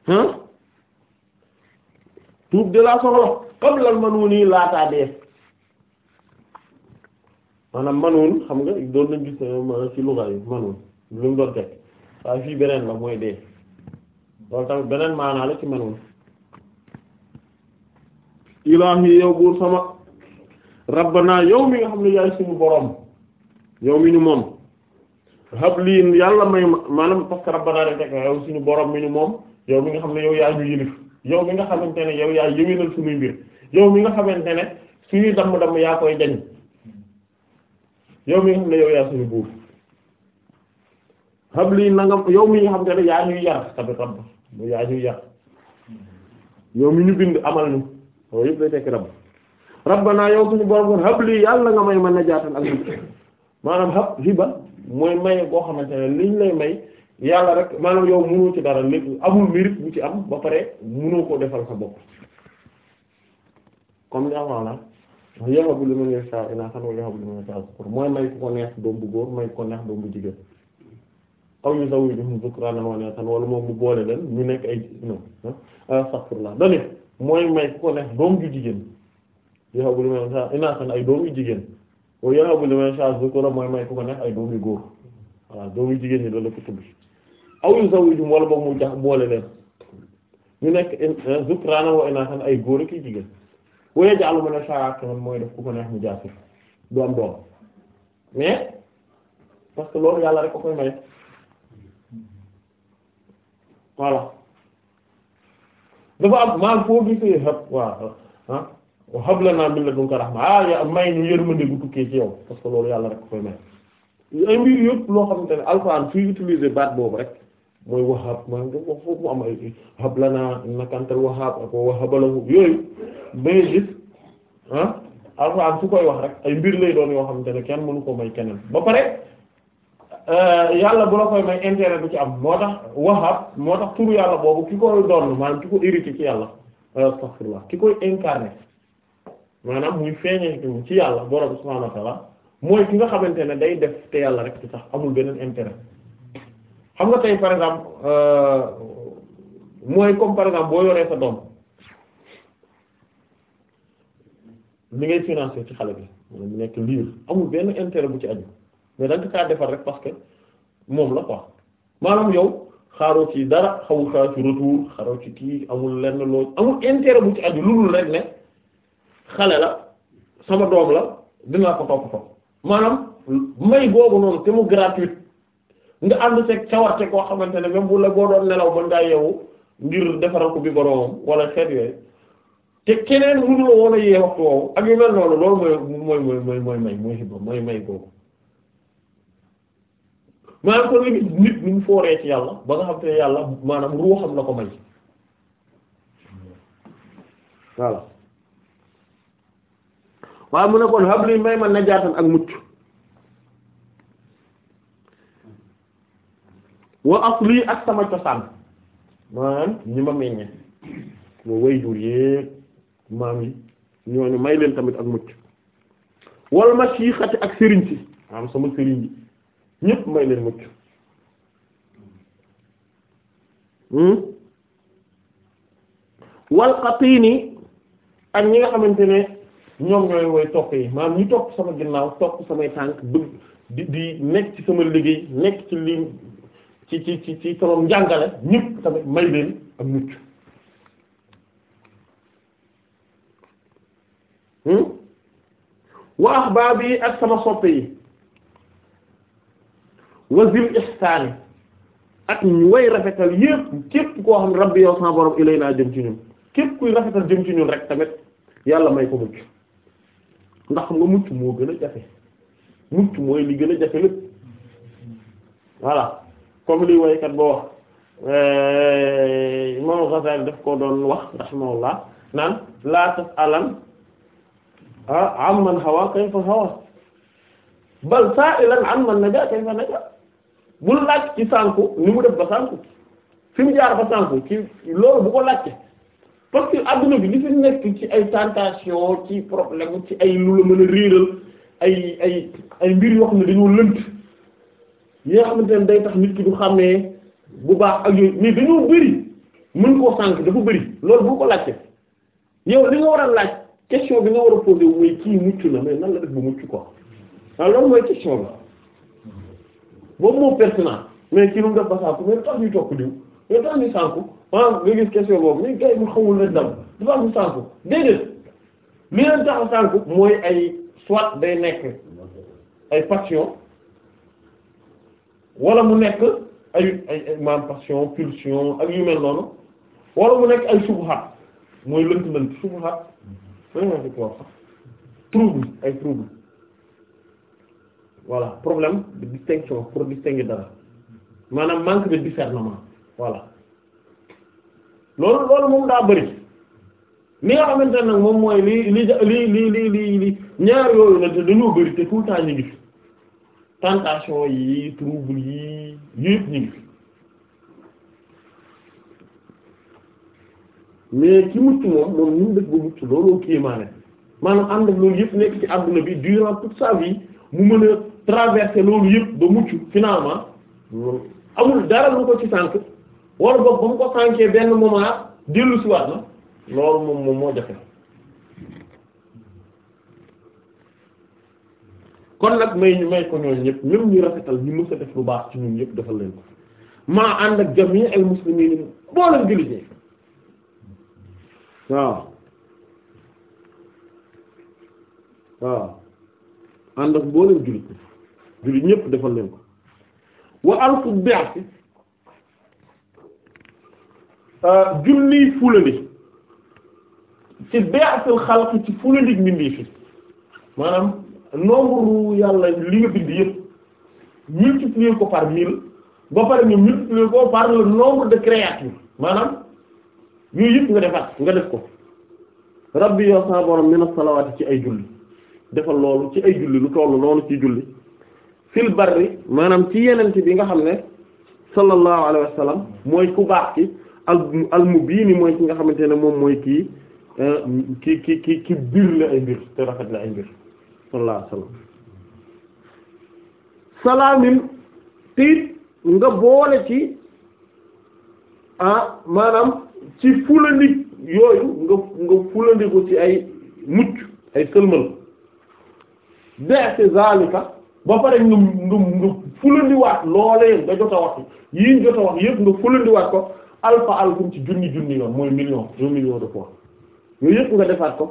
hein tuub de laa soxla qabla al manuun yi laataa dee maanaam manuun xam nga doon nañ gis ci luga yi manuun lu mu doon teg waaye fii beneen la mooy dee loolu tamit beneen maanaa la ci manuun ilaahi yow buur sama rabbana yow mi nga xam ne yaay suñu borom yow mi ñu moom habliin yàlla may maanaam parce rabbana rek rek yow suñu borom mi ñu moom yow mi nga xam ne yow yaa ñu yilif yow mi nga xamante ne yow yaa yëwénal suñuy yow mi nga xamante ne suñuy damm-damm koy jañ yow mi nga xam ne yow yaa suñu buur habliin na nga yow mi nga xam ne yaa ñuy yar tamit mi ñu bind amal ñu loolu yëpp day tekk rabb rabbana yow suñu borom habli yàlla nga may ma najaatan ak maanaam hab hiba mooy maye boo xamante ne liñ lay may yàlla rek maanaam yow mënoo ci dara lépp amul mérite bu ci am ba pare mënoo koo defal sa bopp comme li amaa la yahabu ko neex doom bu góor may lu ko neex doom bu jigéen aw yuzawwijuhum dhukraanan wa inaasan wala moom mu boole leen ñu nekk ay non ah, astaghfirullah mooy may ku ko neex doom bu jigéen yahabu liman yasha inaasan ay doom yu jigéen wa yahabu liman yasha dhukura mooy may ku ko neex ay doom yu góor waaw doom yu jigéen ñi la la ko tudd aw yuzawwijum wala boog mu jax boole leen ñu nekk dhukrana eh, wa inaasan ay góor ak jigéen wa yaj'alu man yasha mooy def ku ko neex mu jaasir du am doom mais parce loolu yàlla rek ko koy may voilà dafa am foo gisee xëpp waaw ah. wa hab lanaa min ladunka rahma ah ya may ñu yërmande gu tukkee ci yow parce que loolu yàlla rek koy may ay mbir yëpp loo xam ne alxuraan fi utiliser baat boobu rek mooy wahab maanaam da wax foofu mu am ay hab lanaa nakantal wahab ak wahabalahu yooyu bay gis ah alxuraan su koy wax rek ay mbir lay doon yoo xamante ne kenn mënu ko may keneen ba pare euh, yàlla bu la koy ci am moo tax wahab moo tax turu yàlla boobu ki koy doon maanaam ki ko hérité ci yàlla ki koy incarné maanaam muy feeñee ci yàlla borom subhaanahu wa ta'aala mooy ki nga xamante ne day def te yàlla rek te tax amul beneen intérêt xam nga tey par exemple euh, mooy comme par exemple boo yoree sa doom li ngay financer ci xale bi mu nekk liir amul benn intérêt bu ci aju mais danga kaa defar rek parce que moom la quoi maanaam yow xaaroo ci dara xawu xaar ci retour xaaroo ci kii amul lenn loo amul intérêt bu ci aju lu dul rek ne. xale la sama doom la dinaa ko topp fa maanaam may boobu noonu te mu gratuit nga ànd seeg cawarte koo xamante ne même bu la boo doon nelaw mën ngaa yeewu ngir defaral ko bi boroomam wala xeet yooyu te keneen mënu la woon a yee waxtu woowu ak yu mel noonu loolu mooy mooy mooy mooy may mooy xiba mooy may boobu maanaam kon nit nit ñu fooree ci yàlla ba nga xam te yàlla maanaam ruuxam la ko may voilà waaye mu ne kon habli may ma najaatan ak mucc wa asli ak sama cosaan maanaam ñi ma meññe moo way jur yépp maam yi ñooñu may leen tamit ak mucc wal mashixati ak sëriñ si am sama sëriñ bi ñépp may leen mucc hmm? wal xatiini ak ñi nga xamante ne ñoom ñooy woy topp yi maanaam ñu topp sama ginnaaw topp samay tànk bëgg di di nekk ci sama liggéey nekk ci li ci ci ci ci sama njàngale ñëpp tamit may leen ak mucc hmm? wa ahbaab yi ak sama soppe yi wa zil ak ñu way rafetal yépp képp koo xam ne rabbi yow sama borom ilay naa jëm ci ñun képp kuy rafetal jëm ci ñun rek tamit yàlla may ko mucc ndax xam mucc moo gën a jafe mucc mooy li gën a jafe lépp voilà comme li waykat ba wax eh, imam Ghazali daf ko doon wax rahimahullah naan laa tas'alan ah, amman hawa kayfa hawa bal sa'ilan amman naja kayfa naja bul laaj ci sànku ni mu def ba sànku fi jaar ba sànku ci loolu bu ko laajte parce que bi li fi nekk ci ay tentation ci problème ci ay lu la mën a réeral ay ay ay mbir yoo xam ne dañoo lënt yi nga xamante ne day tax nit ki du xàmmee bu baax ak yooyu mais dañoo bëri mën koo sànk dafa bëri loolu boo ko laajte yow li nga war a laaj question bi nga war a posé wu kii mucc na mais nan la def ba mucc quoi waaw loolu mooy question la boobu moo pertinent mais kii lu mu def ba sànku mais tax ñu topp diw mais tax ñu sànku maanaam nga gis question boobu mais gars yi mu xamul lañ dam dafa am sànku déedéet li leen mooy ay soit day nekk ay passion wala mu nekk ay ay maanaam passion pulsion ak yu mel noonu wala mu nekk ay subuxaat mooy lënt lënt subuxaat vraiment di ko wax sax trouble ay trouble voilà problème de distinction pour distinguer dara maanaam manque de discernement voilà loolu loolu moom daa bëri li nga xamante nag moom mooy li li li li li li li ñaar yooyu la te dañoo bëri te tout le temps yi trouble yi yëpp ñu ngi fi mais ci mucc moom moom ñu ba mucc looloo kéemaane maanaam ànd ak loolu yëpp nekk ci àdduna bi durant toute sa vie mu mën a loolu yëpp ba mucc finalement amul dara lu ko ci sànk wala boog ba mu ko sànkee benn moment dellu si waat na loolu moom moom moo jafe kon nag may ñu may ko ñooñu ñëpp même ñu rafetal ñu mës a def lu baax ci ñun ñëpp defal leen ko maa ànd ak jami al muslimin booleen jullit waaw waaw ànd ak booleen jullit jullit ñëpp defal leen ko wa alfu bi'ati Euh, junniy fulandi ci bi'atul xalq ci fulandi mbindi fi maanaam nombre yàlla li nga bind yëpp multiplier ko par mille ba pare ñu multiplier ko par le nombre de créatures maanaam yooyu yëpp nga defaat nga def ko rabbi yow sa borom mina salawaati ci ay julli defal loolu ci ay julli lu tollu loolu ci julli fil barri maanaam ci yenente bi nga xam ne sallallahu alayhi wa mooy ku baax ci al bii mubiin mooy ki nga xamante ne moom mooy kii euh, ki ki ki ki bir la ay mbir te rafet la ay mbir sallallahu salaamin tiit nga boole ci ah maanaam ci fulandik yooyu nga nga fulandiku ci ay mucc ay sëlmal deete zalika ba pare nga nga nga fulandiwaat loolee nga jot a wax yi ñu jot a wax yëpp nga fulandiwaat ko alfa algum ci junni junni yoon mooy million deux millions de fois yooyu yëpp nga defaat ko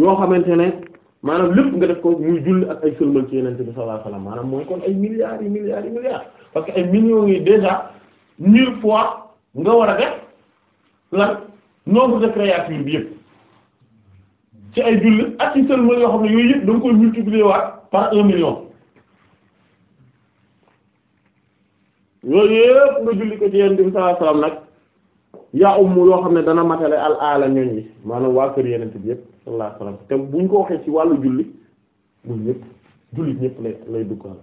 yoo xamante ne maanaam lépp nga def ko muy julli ak ay sëlmal ci yenente bi sallallahu alayhi wasallam maanaam mooy kon ay milliards yi milliards yi milliards parce que ay millions yi déjà mille fois nga war a def lan nombre de créatures bi yëpp ci ay julli ak ci sëlmal yoo xam ne yooyu yëpp da koy multiplier waat par un million yooyu yëpp nga julli ko ci yonent bi sallallahu alayhi nag yaa ummu yoo xam ne dana matale al ala ñoñ bi maanaam waa kër yonent bi yëpp sallallahu alayhi wasallam te buñ ko waxee ci wàllu julli ñun ñëpp jullit ñëpp lay lay duggal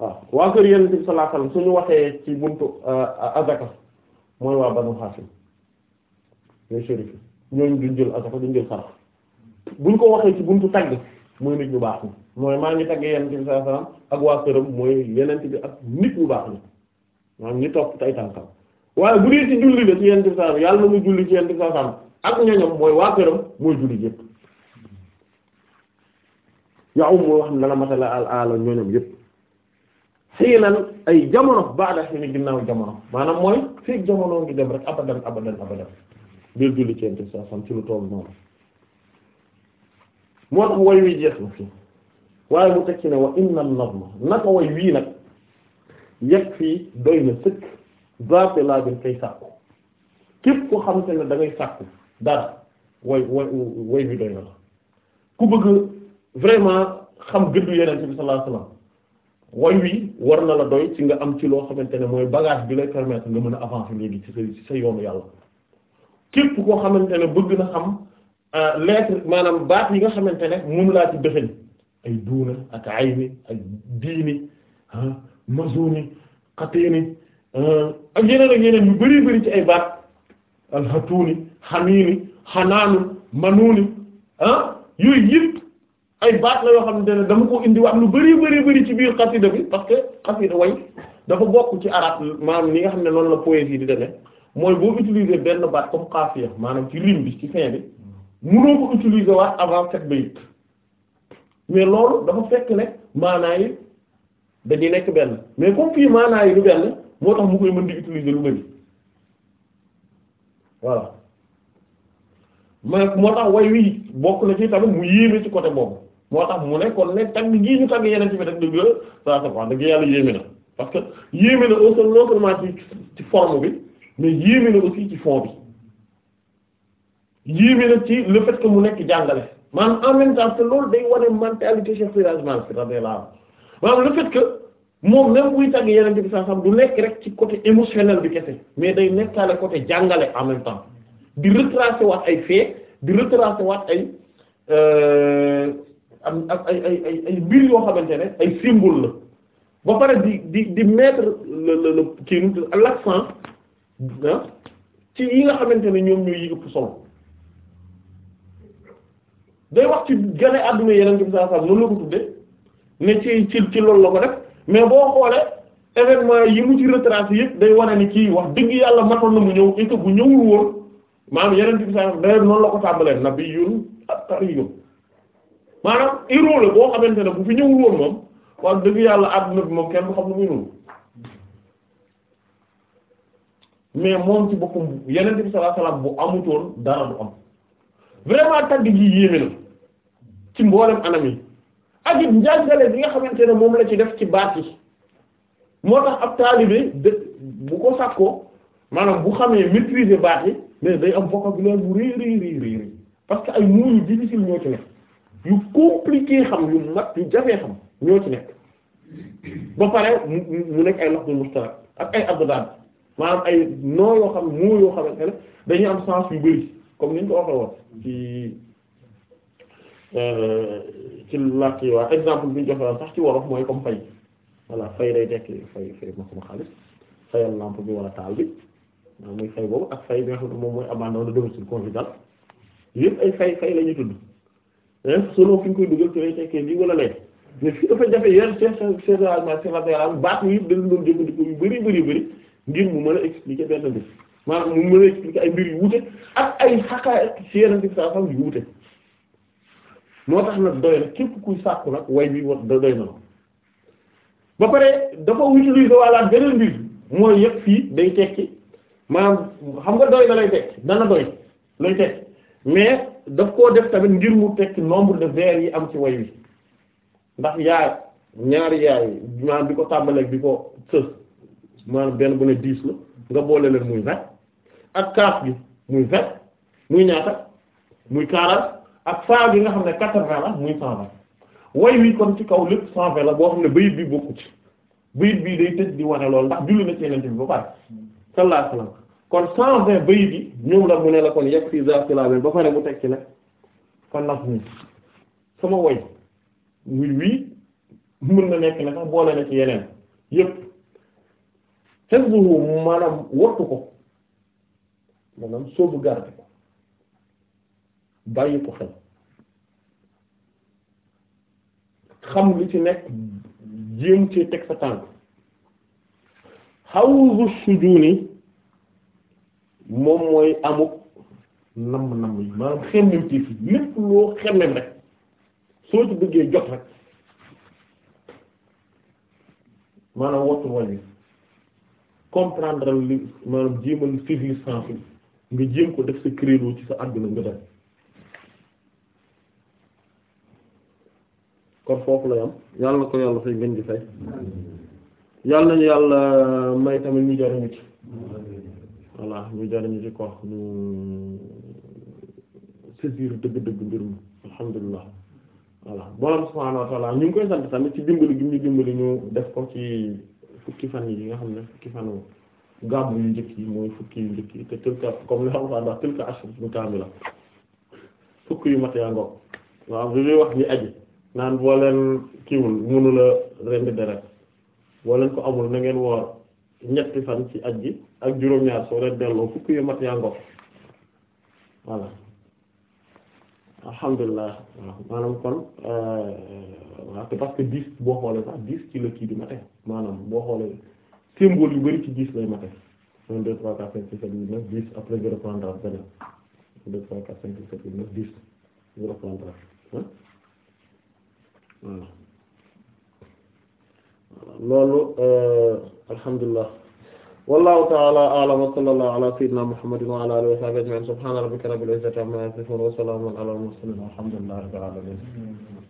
waaw waa kër yonent bi sallallahu alayhi waxee ci buntu euh, azaka mooy wax banu Hashim ñooy shérif ñooñu duñ jël azaka duñ jël sarax buñ ko waxee ci buntu tagg mooy nit ñu baax ñi mooy maa ngi tàggee yenn bi sallallahu alayhi ak waa këram mooy yenent bi ak nit bu baax ñi maanaam ñi topp tay tànkam waaye bu dee ci julli la ci yenent bi sallallahu alayhi wasallam yàlla na muy julli ci yenent bi mooy waa këram mooy julli yépp yaum mooy wax ne dana matala al ala ñoñom yépp xëy na ay jamono baada xëy na ginnaaw jamono maanaam mooy fii jamono ngi dem rek abadan abadan abadan biir julli ci yenent bi sallallahu alayhi ci lu toll noonu moo tax way wi jeex na fii waaye mu tekki ne wa inna nazma naka way wii nag yegg fii doy na sëkk zaate laa gën kay sàkku képp ko xamante ne da ngay sàkku dara way way way bi doy na bëgg vraiment xam gëddu yeneen bi sallallahu alayhi wasallam way war na la doy ci nga am ci loo xamante ne mooy bagage bi lay permettre nga mën a avancer léegi ci sa ci sa yoonu yàlla képp koo xamante ne bëgg na xam lettre euh, maanaam baat yi nga xamante ne moom laa ci dëxëñ ay duuna ak ayni ak diini ah mazuni xatiini ah, ak yeneen ak yeneen yu bari bari ci ay baat alxatuuni xamiini xanaanu manuuni ah yooyu yëpp ay baat la yoo xamante ne dama ko indi wax lu bari bari bari ci biir xasida bi parce que xasida way dafa bokk ci arab maanaam li nga xam ne noonu la poésie di demee mooy boo utiliser benn baat comme xaafiya maanaam ci rim bi ci fin bi mënoo ko utiliser waat avant sept bayit mais loolu dafa fekk ne maanaa yi dañuy nekk benn mais comme fii maanaa yi du benn moo tax mu koy mën di utiliser lu bëri voilà mais moo tax way wi bokk na ci tamit mu yéeme ci côté boobu moo tax mu ne kon ne tag gi ñu tag yeneen ci bi daf dëgg saa sa wax yàlla yéeme na que yéeme na aussi non seulement ci bi mais yéeme na aussi ci fond bi yii mi nag ci le fait que mu nekk jàngale maanaam en même temps loolu day wane mentalité Cheikh Siraj Malik radiyallahu anhu maanaam le fait que moom même buy tàgg yenente bi saa sam du nekk rek ci côté émotionnel bi kese mais day nekkaale côté jàngale en même temps di retracer waat ay fait di retracer waat ay euh, am ak ay ay ay ay mbir yoo xamante ne ay symbole la ba pare di di di mettre le le le kii l'accent ah ci yi nga xamante ne ñoom ñooy yi ëpp solo day wax ci gane àdduna yeneen bi saa saam la ko tuddee ne ci ci loolu la ko mais boo xoolee événement yi mu ci retracé yëpp day wane ni kii wax dëgg yàlla matoon na mu ñëw et que bu ñëwul woon maanaam yeneen bi saa saam noonu la ko tàmbalee nabiyyun attariyun maanaam héros la boo xamante ne bu fi ñëwul woon moom dëgg yàlla àdduna moom kenn xam ne muy mais moom ci yeneen bi bu amutoon dara du am. vraiment tagg gi yéeme na ci mboolem anam yi ak it njàngale bi nga xamante ne moom la ci def ci baat yi moo tax ab taalibe de bu ko sàkkoo maanaam bu xamee maîtriser baat yi mais day am vocabulaire bu rëy rëy rëy rëy parce que ay mots yu difficile ñoo ci nekk yu compliqué xam yu mat yu jafee xam ñoo ci nekk ba pare mu nekk ay lafzul mustarak ak ay abdad maanaam ay noo yoo xam moo yoo xamante dañuy am sens yu bari comme ni ñu ko waxee woon ci ci làkk yi waa exemple bi ñu joxe sax ci wolof mooy comme fay voilà fay day tekki fay fay ma sama xaalis fayal lampe bi wala taal bi muy fay boobu ak fay bi nga xam ne moom mooy abandon de domicile conjugal yëpp ay fay fay la fi ñu koy dugal ci lay tekkee lii wala lee baat yi yëpp dañu doon jëfandikoo yu bari bari bari ngir mu mën a expliquer benn mbir. maanaam mu mën a ay mbir yu wuute ak ay xaqaay ci yeneen bi saa sam yu wuute moo tax nag doy na képp kuy sàkku nag way bi wa doy na ba pare dafa utiliser wàllaat beneen mbir mooy yëpp fii day tekki maanaam xam nga doy na lay tekki dana doy lay tekki mais daf koo def tamit ngir mu tekki nombre de vers yi am ci way wi ndax yaa ñaari yaay maanaam bi ko tàmbaleeg bi ko sës maanaam benn bu ne dix la nga boole leen muy vingt ak kaaf bi muy vingt muy ñaata muy quarante ak faa bi nga xam ne quatre-vingts la muy cent vingt way wi kon ci kaw lépp cent vingt la boo xam ne bayit bi bokku ci bayit bii day tëj di wane loolu ndax julli na ci yeneen bi ba pare sallallahu alayhi wasallam kon cent vingt bayit yi ñoom la mu ne la kon yegg si ga ba pare mu teg ci ne kon naf nii sama woy muy wii mën na nekk ne sax boole na ci yeneen yépp xes buhu maanaam wattu ko maanaam sauvegarder ko bàyyi ko xel xam li ci nekk jéem ci teg sa tànk hawzu sujuni moom mooy amuk nam nam yi maanaam xemmem ci fi lépp loo xemmem rek soo ci bëggee jot rek maanaam wattu wàññi comprendre li maanaam jéemal saisir sens bi nga jéem ko def sa credo ci sa àdduna nga def kon foofu la yam yàlla na ko yàlla fay ngeen di fay yàlla nañu yàlla may tamit ñu jariñu ci voilà ñu jariñu ci ko ñu saisir dëgg-dëgg mbir mi alhamdulilah voilà borom subhaanahu wa ñu ngi koy sant tamit ci dimbali gi ñu dimbali ñu def ko ci fukki fan yi nga xam ne fukki fan gàmmu yu njëkk yi mooy fukki yu njëkk yi te tilka comme li xam yu mat yaa ngoog waaw bi muy wax ñi aji naan boo leen kiiwul mënula rendi deret boo leen ko amul nangeen ngeen woor ñetti fan ci aj gi ak juróom-ñaar soo leen delloo fukki yu mat yaa ngoog voilà alhamdulilah waaw maanaam kon euh, waaw parce boo xoolee sax dix ci la kii di mate maanaam boo xoolee symbole yu bari ci dix lay mate un deux trois quatre cinq six sept huit neuf dix après je reprendrai beneen un deux trois quatre cinq six sept huit neuf dix je reprendrai voilà loolu euh, alhamdulillah wallahu ta'ala a'lam wa sallallahu ala sayyidina muhammadin wa ala alihi wa sahbihi ajma'in subhana rabbika rabbil izzati amma yasifun wa salamun ala al mursalin walhamdulillahi rabbil alamin